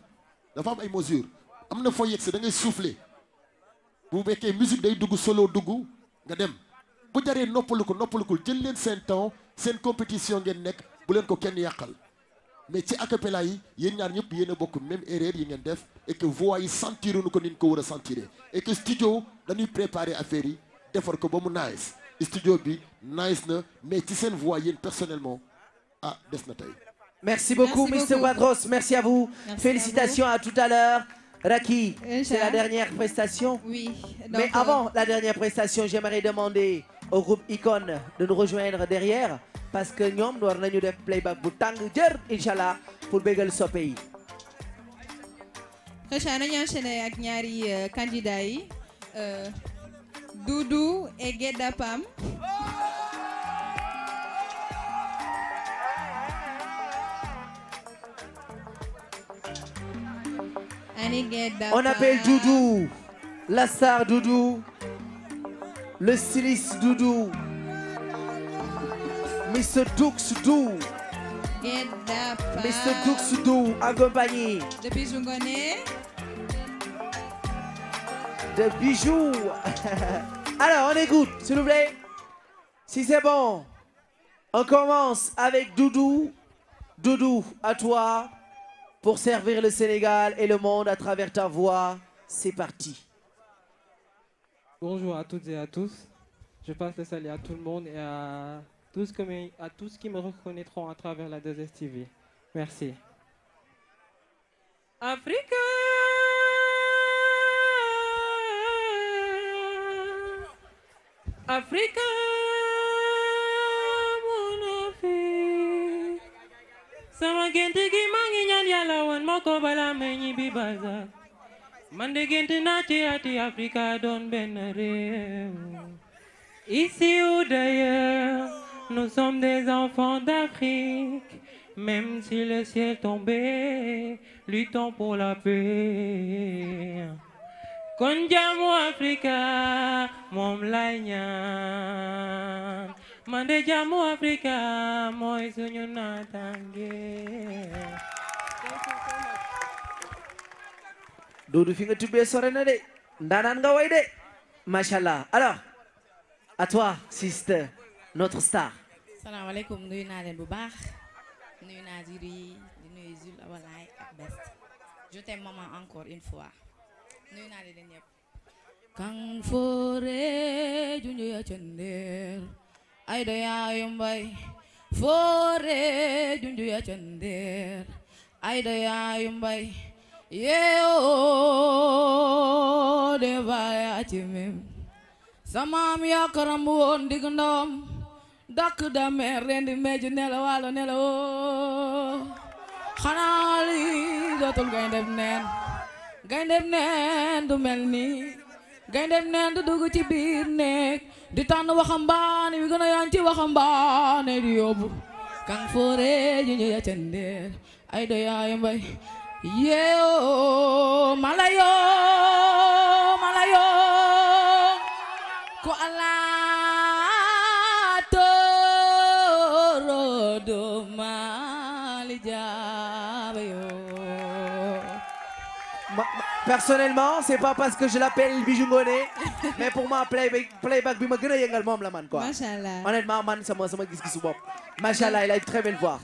dafa am ay mesure am na foo yegg si da ngay souffler bu fekkee musique day dugg solo dugg nga dem bu jaree noppalu ko noppalu ko jël leen seen temps. seen compétition ngeen nekk bu leen ko kenn yàqal mais ci acapella yi yéen ñaar ñëpp yéen a bokk même erreur yi ngeen def et que voix yi sentiruñu ko ni ñu ko war a sentiré et que studio dañuy préparer affaire yi defar ko ba mu nice studio bi nice na mais ci seen voix yéen personnellement a ah, des na tey. merci beaucoup Mr Wadros merci à vous. Merci à, tout à l'heure Raki, c'est la dernière prestation. oui donc mais euh, avant euh... la dernière prestation j'aimerais demander. au groupe de nous rejoindre derrière parce que ñoom war nañu def playback bu tàng jër incha allah pour bégal soppe yi. Kheucha nañu enchaîner ak ñaari euh, candidats yi euh, Doudou et Guedda Pam. On appelle Doudou la Doudou. le silice Doudou Mr Dux Dou Mr Dux Dou de bijoux alors on écoute s'il vous plaît si c'est bon on commence avec Doudou Doudou à toi pour servir le Sénégal et le monde à travers ta voix c'est parti Bonjour à toutes et à tous. Je passe le salut à tout le monde et à tous, me, à tous qui me reconnaîtront à travers la 2 TV. Merci. Africa Africa mon fi sama gént gi maa ngi ñaan yàlla woon moo ko bala ma ñibbi baza man de gént naa ci ati Afrika doon benn réew ici ou d'ailleurs nous sommes des enfants d'Afrique même si le ciel tombait luttons pour la paix kon jaamu Afrika moom lay ñaan man de jaamu Afrika mooy suñu naataange Doudou fi nga tibbee sore na de ndaanaan nga way de macha allah alors à sister notre star. salaamaaleykum nuyu naa leen bu baax nuyu naa Doudou di nuyu Zul Awalaay ak Best je t'aime maman encore une fois nuyu naa leen ñëpp. kan foore junju ya cender ay do yaayu foore junju ya cender ay do yaayu yeewoo de baay a ci mem samaam yaa karam woon digg ndawam dakk dameer rendi meju nelawaalo nelawoo xanaa lii dootul gayndeb neen gayndeb neen du mel nii gayndeb neen du dugg ci biir néeg di tànn waxambaane wi gën a yaan ci waxambaane di yóbbu kan foore ju ñu yaccandeer ay do yaayu mbay yeeyo malayo malayo ko alaa tooroodo maali jaabayo personnellement c'est pas parce que je l'appelle Bijou Ngoné mais pour moi playback playback bi ma gën a yëngal moom la man quoi. macha allah honnêtement man sama sama gis-gisu bopp. macha allah il a une très belle voix.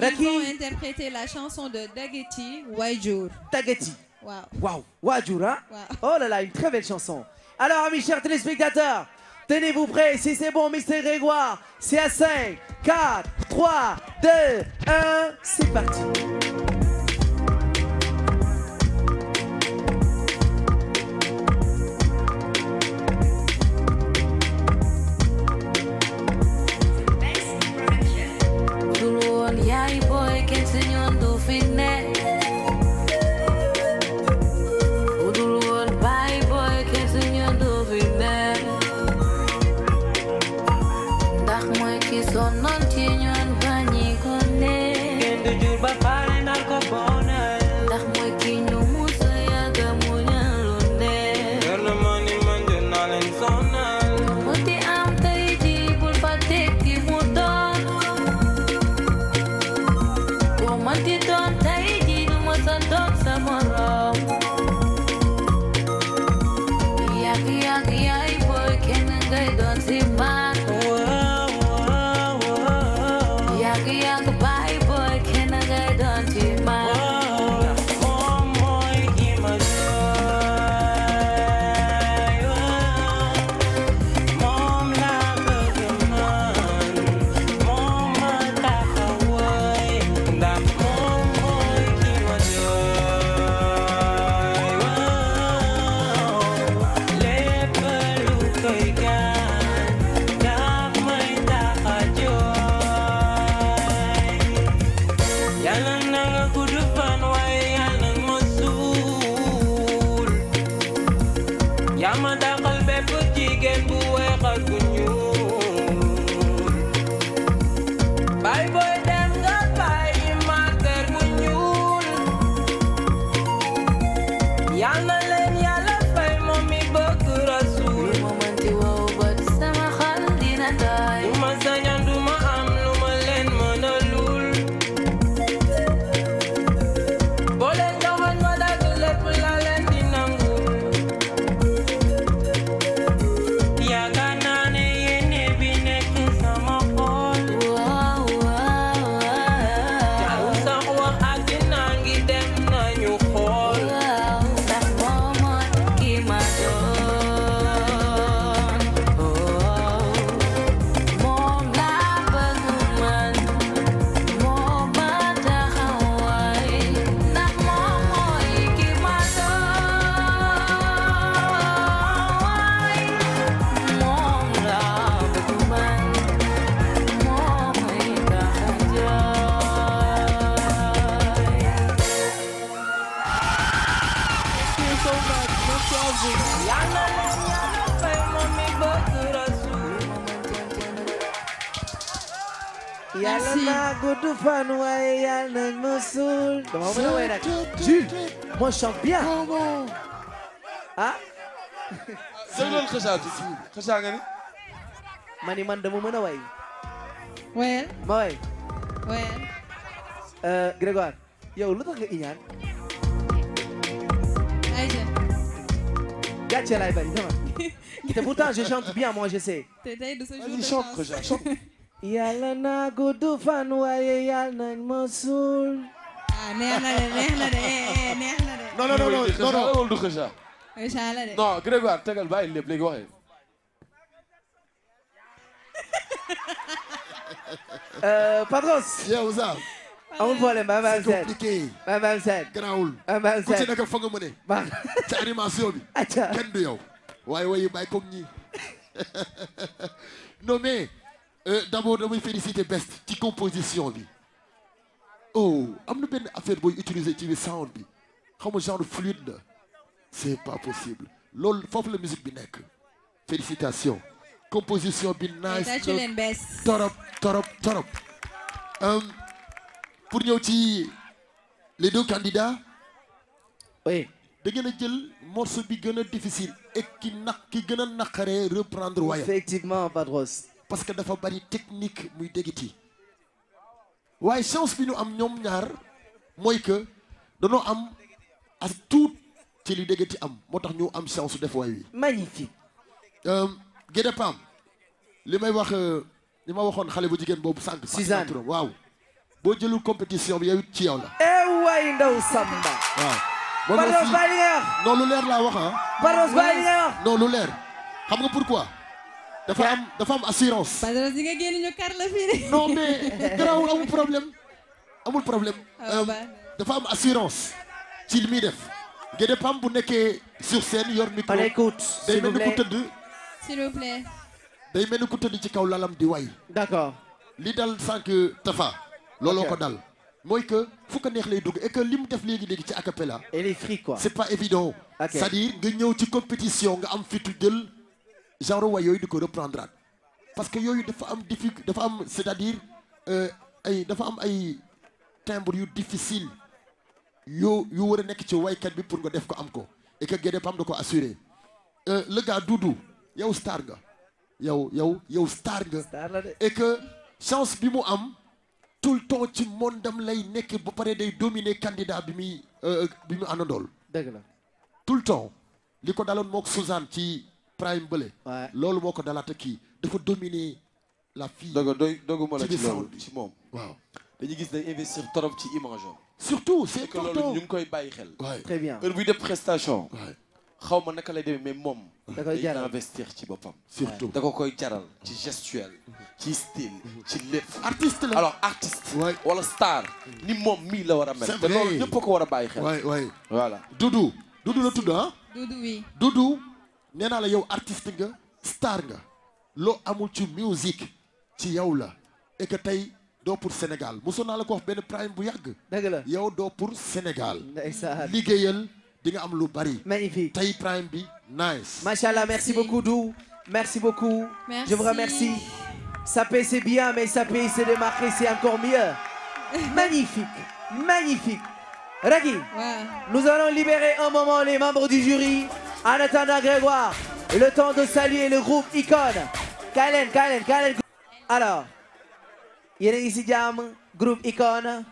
Ils vont interpréter la chanson de Dageti, Wajour. Dageti. Waouh. Waouh. Wajour, hein wow. Oh là une très belle chanson. Alors, amis chers téléspectateurs, tenez-vous prêts. Si c'est bon, Mister Grégoire, c'est à 5, 4, 3, 2, 1. C'est parti. fanweer yal nañ ma suul. dama mën a woy nag. Jules. moi chante bien. ah. sëñ loolu xësaatu xësaa nga ni. ma ni man dama mën a woy. oui. ma woy. oui. Grégoire yow lu tax nga iñaan. ayca. gàcce laay bañ dama. te je chante bien moi je sais. te tey de ce jour de yàlla naa gudd fan waaye yàlla nañ ma suul. ah neex na de neex na de neex na de. non non non non non non du xësa. xësa la de. non Grégoire tegal bàyyi lépp léegi waxee. Euh, Patros. yow sax. amul problème ba ma am seet. c'est compliqué. ba ma am seet. garaawul. ba ma am seet ku ci nekk fa nga mëne. ba ci animation bi. acca kenn du yow. waaye waaye bàyyi koog ñii. non mais. Euh, d'abord damay féliciter Best ci composition bi oh am na benn affaire booy utiliser ci bi sound bi xam nga genre fluide la c'est pas possible loolu foofu la musique bi nekk félicitations composition bi nice torop torop torop euh, pour ñëw ci les deux candidats oui da a jël morceau bi gën a difficile et ki naq ki gën a naqaree reprendre waaye effectivement Padros parce que dafa bari technique muy dégiti waaye chance bi ñu am ñoom ñaar mooy que danoo am as tuut ci li dégati am moo tax ñu am chance su def waay wi. magnifique. Euh, Guédé Pam li may wax euh, li ma waxoon xale bu jigéen boobu sànq. Suzanne waaw. boo jëlul compétition bi yow it ci yow la. eh waay ndaw Samba. waaw. Paros Baye li nga wax. non lu leer laa wax ah. Paros Baye nga wax. non leer xam nga pourquoi. dafa am dafa am assurance. Padros di nga génn ñu kar la fii. non mais garaawul problème amul problème. Ah, euh, dafa am assurance. ci li muy def. Guédé Pam bu nekkee sur scène yor micro. on écoute s'il day mel ni tëdd. s'il vous plaît. ni ku tëdd ci kaw lalam di way. d'accord. li dal sànq Tafa. looloo ko dal. mooy que fu ko neex lay dugg et que li mu def léegi léegi ci acapella. et les fri quoi. c'est nga ñëw ci compétition nga am fitu jël. genre way yooyu di ko reprendre parce que yooyu dafa am difficile dafa am c'est-à-dire euh, ay dafa am ay timbre yu difficile yoo yu war a nekk ci waykat bi pour nga def ko am ko et que Guédé Pam da ko assuré euh, le gars Doudou yow star nga yow yow yow star nga et que chance bi mu am tout le temps ci mondam lay nekk ba pare day dominer candidat bi muy euh, bi mu àndandool dëgg la tout le temps li ko daloon mook Suzanne ci prime bële. loolu moo ko dalaata kii dafa dominer la fille. dogo doy doguma la ci loolu moom. waaw dañuy gis day investir trop ci image am. surtout c'est important loolu ñu ngi koy bàyyi xel. très bien heure buy def prestation. xaw ma naka lay demee mais moom. da koy jaral investir ci boppam. surtout da koy jaral ci gestuelle. ci style ci lépp. artiste la alors artiste. wala star. ni moom mii la war a mel. te loolu ñëpp a ko war a bàyyi xel. waay waay la tudd ah. Doudou nee naa la yow artiste nga star nga loo amul ci musique ci yow la et que tey doo pour Sénégal mosoon naa la ko wax benn prime bu yàgg. dëgg la yow doo pour Sénégal. liggéeyal di nga am lu bari. magnifique tey prime bi nice. macha allah merci beaucoup Dou. merci beaucoup. je vous remercie. ça paye c'est bien mais ça paye c'est démarqué c'est encore mieux. magnifique magnifique. Ragui. nous allons libérer un moment les membres du jury. En attendant Grégoire, le temps de saluer le groupe Icône. Kalen, Kalen, Kalen. Alors, Yenegisidiam, groupe Icône.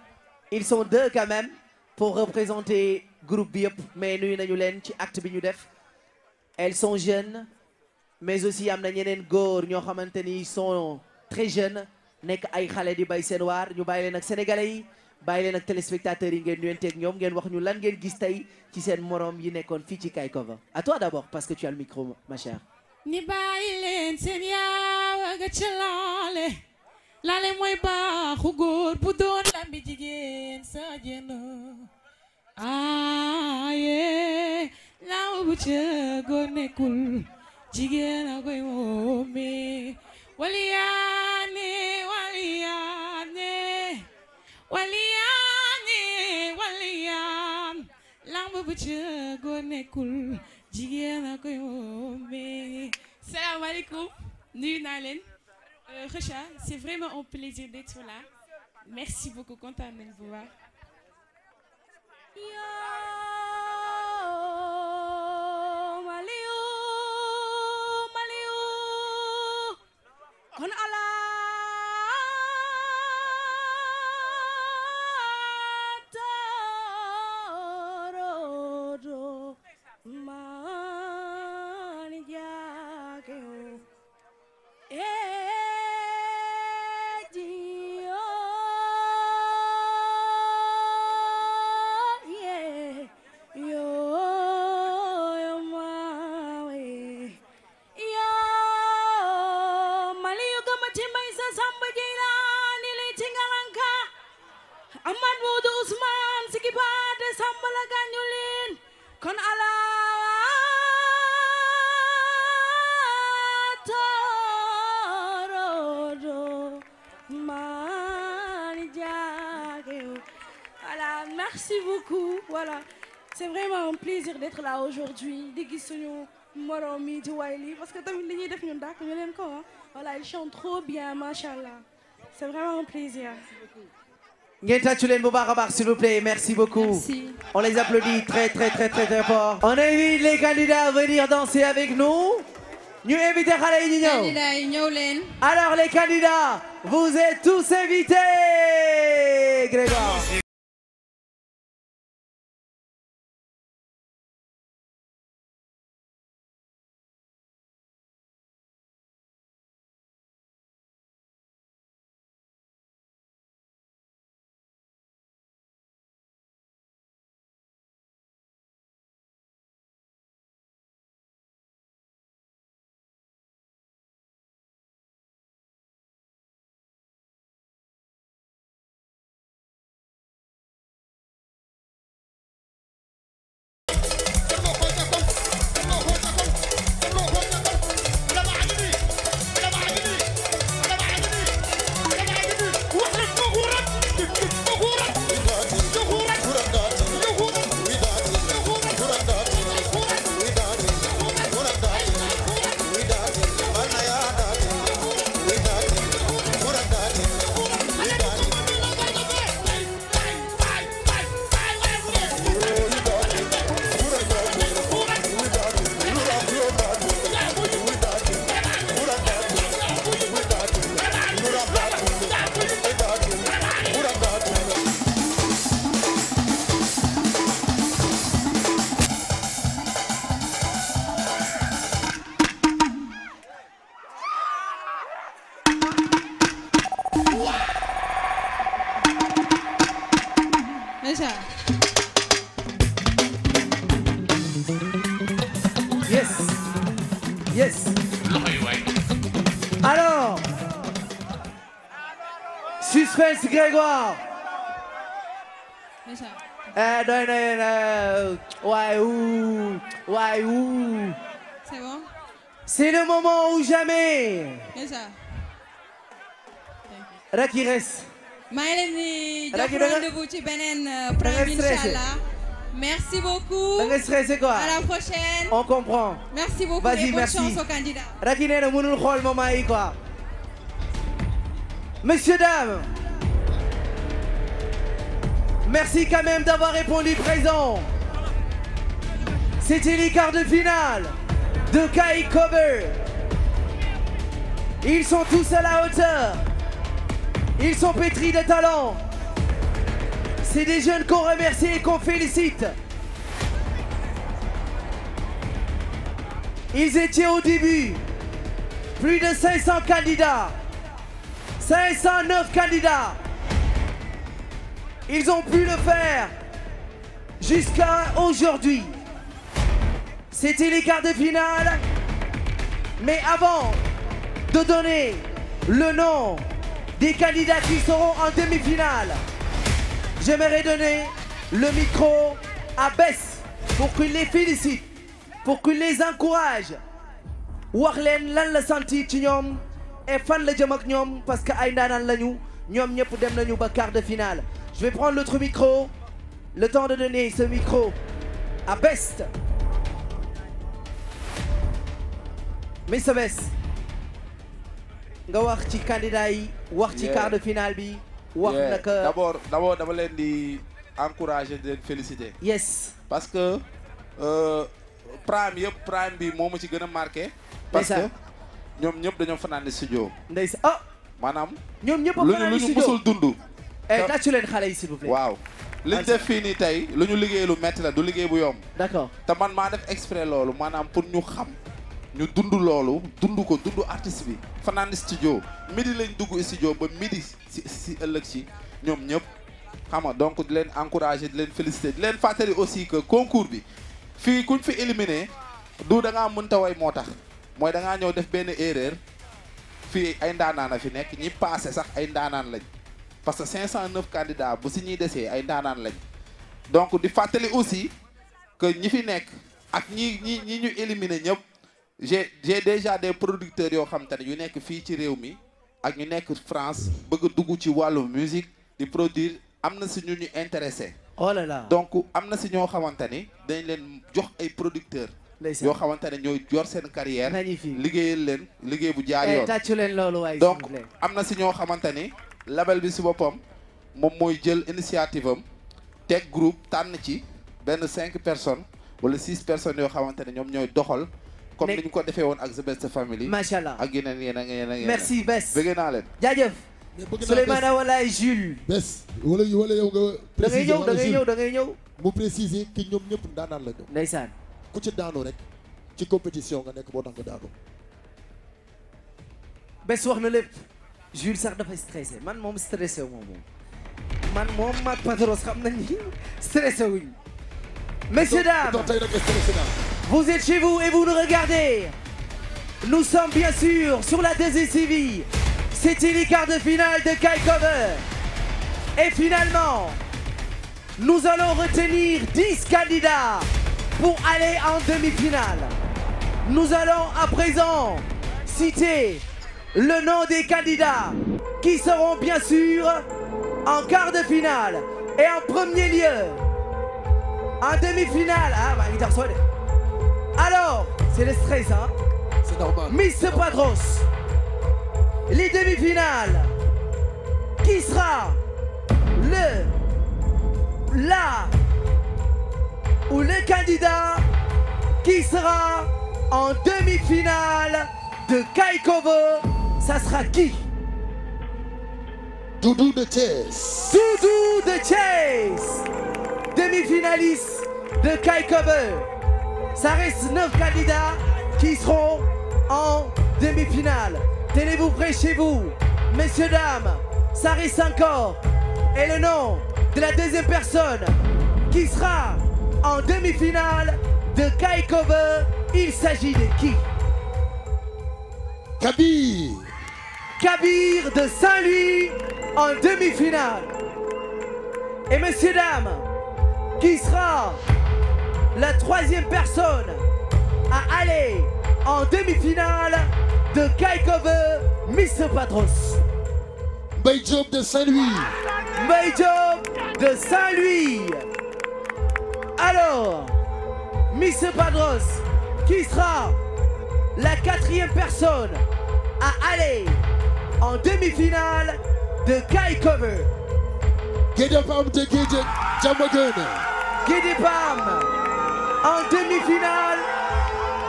Ils sont deux quand même pour représenter groupe bi yëpp mais nuyu nañu leen ci acte bi ñu def. Elles sont jeunes mais aussi am na ñeneen góor ñoo xamante ni ils sont très jeunes nekk ay xale di bay seen waar ñu bàyyi leen ak yi. bàyyi leen ak téléspectateurs yi ngeen nuyanteeg ñoom ngeen wax ñu lan ngeen gis tey ci seen moroom yi nekkoon fii ci kay Cover à toi d'abord parce que tu as le micro ma chère. ni bàyyi leen seen yaawa nga ca laale laale mooy baaxu góor bu doon lambi jigéen sa jenn aaye laaw bu ca góor nekkul jigéen a koy moome waliyaane waliyaane waliyaane ba bëccëgoo nekkul jigéen a koy woomee salaamaaleykum nuyu naa leen Recha euh, c'est vraiment un plaisir d'être là merci beaucoup kontaan nañu bu baax kon ala là aujourd'hui di gis suñu morom yi di lii parce que tamit li ñuy def ñun dàkk ñu leen ko ah voilà ils chantent allah c' est vraiment un plaisir. leen bu baax a baax s'il vous plaît merci beaucoup. merci on les applaudit très très très très très fort. on invite les candidats à venir danser ñu invité xale yi ñu ñëw candidats yi ñëw leen. c'est ça. Racky res. maa ngi leen di jox rendez euh, merci beaucoup. merci beaucoup et bonne candidat. xool moment yi merci quand même d'avoir répondu présent. c'était les quarts de finale de Kai Ils sont tous à la hauteur. Ils sont pétris de talent. C'est des jeunes qu'on remercie et qu'on félicite. Ils étaient au début plus de candidats. candidats. Ils ont pu le faire jusqu'à aujourd'hui. C'était les quarts de finale. Mais avant, de donner le nom des candidats qui seront en demi-finale. J'aimerais donner le micro à Bess pour qu'il les félicite, pour qu'il les encourage. wax leen lan la senti ci ñoom et fan la jëm ak ñoom parce que ay la lañu ñoom ñëpp dem nañu ba quart de finale. Je vais prendre l'autre micro, le temps de donner ce micro à Best. Best. nga wax ci candidat yi wax ci quart de finale bi wax naka d'abord d'abord dama leen di encourager di féliciter yes parce que euh, prime yëpp prime bi moom ma ci gën a marqué parce que ñoom ñëpp dañoo fanaan ni studio ndeysa ah maanaam ñoom ñëpp lu ñu mësul dund eh, tàccu leen xale yi s'il vous waaw liñ def fii nii tey lu ñu liggéey lu metti la du liggéey bu yom d'accord man maa def exprès loolu maanaam pour ñu xam ñu dund loolu dund ko dund artiste bi fanaan studio midi lañ dugg studio ba midi si ëllëg si ñoom ñëpp xam nga donc di leen encourager di leen féliciter leen fàttali aussi que concours bi fii kuñ fi éliminé du da ngaa mënta way moo tax mooy da ñëw def benn erreur fii ay ndaanaan a fi nekk ñi passé sax ay ndaanaan lañ parce que 509 candidats bu si ñuy desee ay ndaanaan lañ donc di fàttali aussi que ñi fi nekk ak ñi ñi ñi ñu éliminé ñëpp. j'ai j'ai déjà des producteurs yoo xam ne yu nekk fii ci réew mi ak ñu nekk France bëgg a dugg ci wàllu musique di produire am na si ñu ñu intéressé. oh donc am na si ñoo xamante ni dañ leen jox ay producteurs. yoo xamante ne ñooy jor seen carrière liggéeyal leen liggéey bu jaar eh, yoon tàccu leen loolu waaye donc am na si ñoo xamante ni label bi si boppam moom mooy jël initiative am teg group tànn ci benn cinq personnes wala six personnes yoo xamante ne ñoom ñooy doxal comme ni ñu ko defee woon ak The Best Family. macha allah ak yeneen yeneen yeneen. merci Bess bëgg naa leen. jaajëf. Souleymane walaay Jules. Bess wala wala yow nga. da ngay ñëw da ngay ñëw da ngay ñëw. mu préciser que ñoom ñëpp daanaan la ñëw. ndeysaan. ku ci daanu rek ci compétition nga nekk boo tax nga daanu. Bess wax na lépp. Jules sax dafay stressé man moom stressé wu moom moom. man moom maag Patros xam nañ ni stressé wuñ. Messieurs, dames, vous êtes chez vous et vous nous regardez. Nous sommes bien sûr sur la DZCV. C'était les quarts de finale de Kai Cover. Et finalement, nous allons retenir 10 candidats pour aller en demi-finale. Nous allons à présent citer le nom des candidats qui seront bien sûr en quart de finale. Et en premier lieu, En demi-finale, Alors, c'est les stress, Miss Padros. Les demi-finales. Qui sera le, la ou le candidat qui sera en demi-finale de Kaikovo Ça sera qui Doudou de Chase. demi-finaliste de Kai Cover. Ça candidats qui seront en demi-finale. Tenez-vous près chez vous, messieurs, dames. Ça encore. Et le nom de la deuxième personne qui sera en demi-finale de Kai il s'agit de qui Kabir Kabir de louis en demi-finale. Et messieurs, dames, qui sera la troisième personne à aller en demi-finale de Kaikover Miss Patros. Bay de Saint-Louis. Bay de Saint-Louis. Alors, Miss Padros, qui sera la quatrième personne à aller en demi-finale de Kai Guédé Pam de Guédé Jamagun. Guédé en demi-finale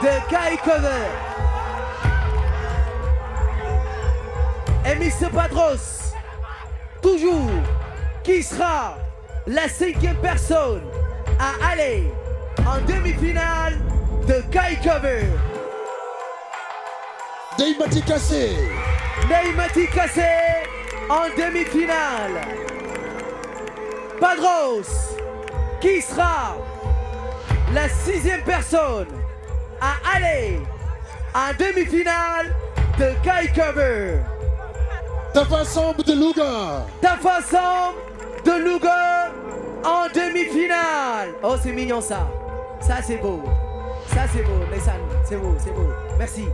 de Kai Cover. Et Mr. Padros, toujours, qui sera la cinquième personne à aller en demi-finale de Kai Cover. Neymati Kassé. Neymati Kassé en demi-finale. Padros, qui sera la sixième personne à aller en demi-finale de Kai Cover. Tafasamb de Louga. Tafasamb de Louga en demi-finale. Oh, c'est mignon ça. Ça, c'est beau. Ça, c'est beau, Merci.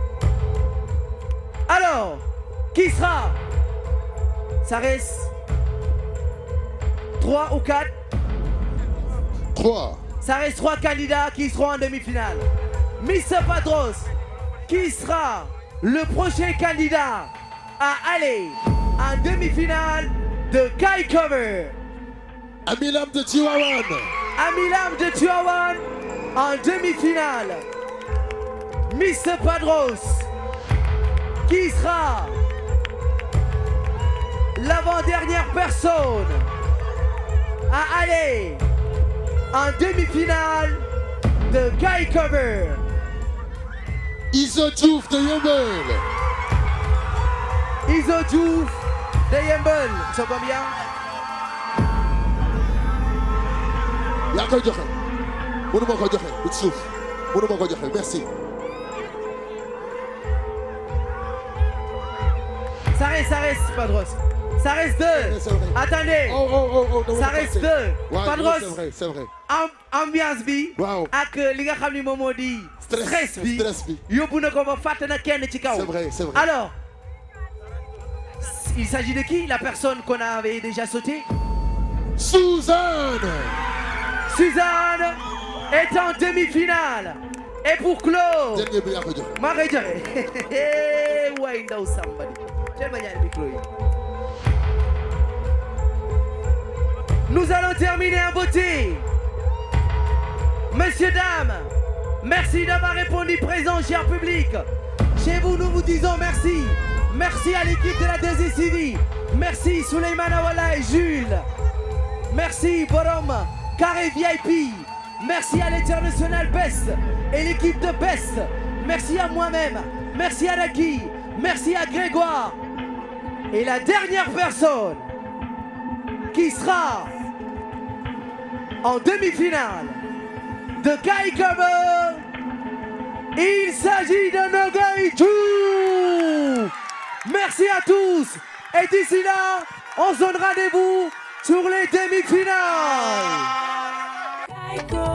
Alors, qui sera 3 ou 4 3. Ça candidats qui seront en demi-finale. Mr. Padros, qui sera le prochain candidat à aller en demi-finale de Kai en demi-finale. Mr. Padros, qui sera l'avant-dernière personne à aller en demi-finale de Guy Cover. Iso Diouf de de Yumble. Ça va bien? yaa koy joxe mënu ma ko joxe bu ci suuf mënu ma ko merci. Ça reste, Padros. Ça reste en Attendez. ça reste deux. Padros. c'est vrai ambiance bi. waaw ak euh, li nga xam ni moom moo di. stress bi stress bi. yóbbu na ko ba fàtte na kenn ci kaw. c'est vrai c'est vrai alors. il de qui la personne qu'on avait déjà sauté. Suzanne. est en demi-finale. et pour Claude. Nous allons terminer en beauté. Messieurs, dames, merci d'avoir répondu présent, cher public. Chez vous, nous vous disons merci. à l'équipe de la DGCV. Merci Souleymane Awala et Jules. Merci Borom, Carré VIP. Merci à l'international Best et l'équipe de Best. Merci à moi-même. Merci à Naki. Merci à Grégoire. Et la dernière personne qui sera en demi-finale de Kai Il s'agit de Nogai Chou. Merci à tous et d'ici là, on se rendez-vous sur les demi-finales.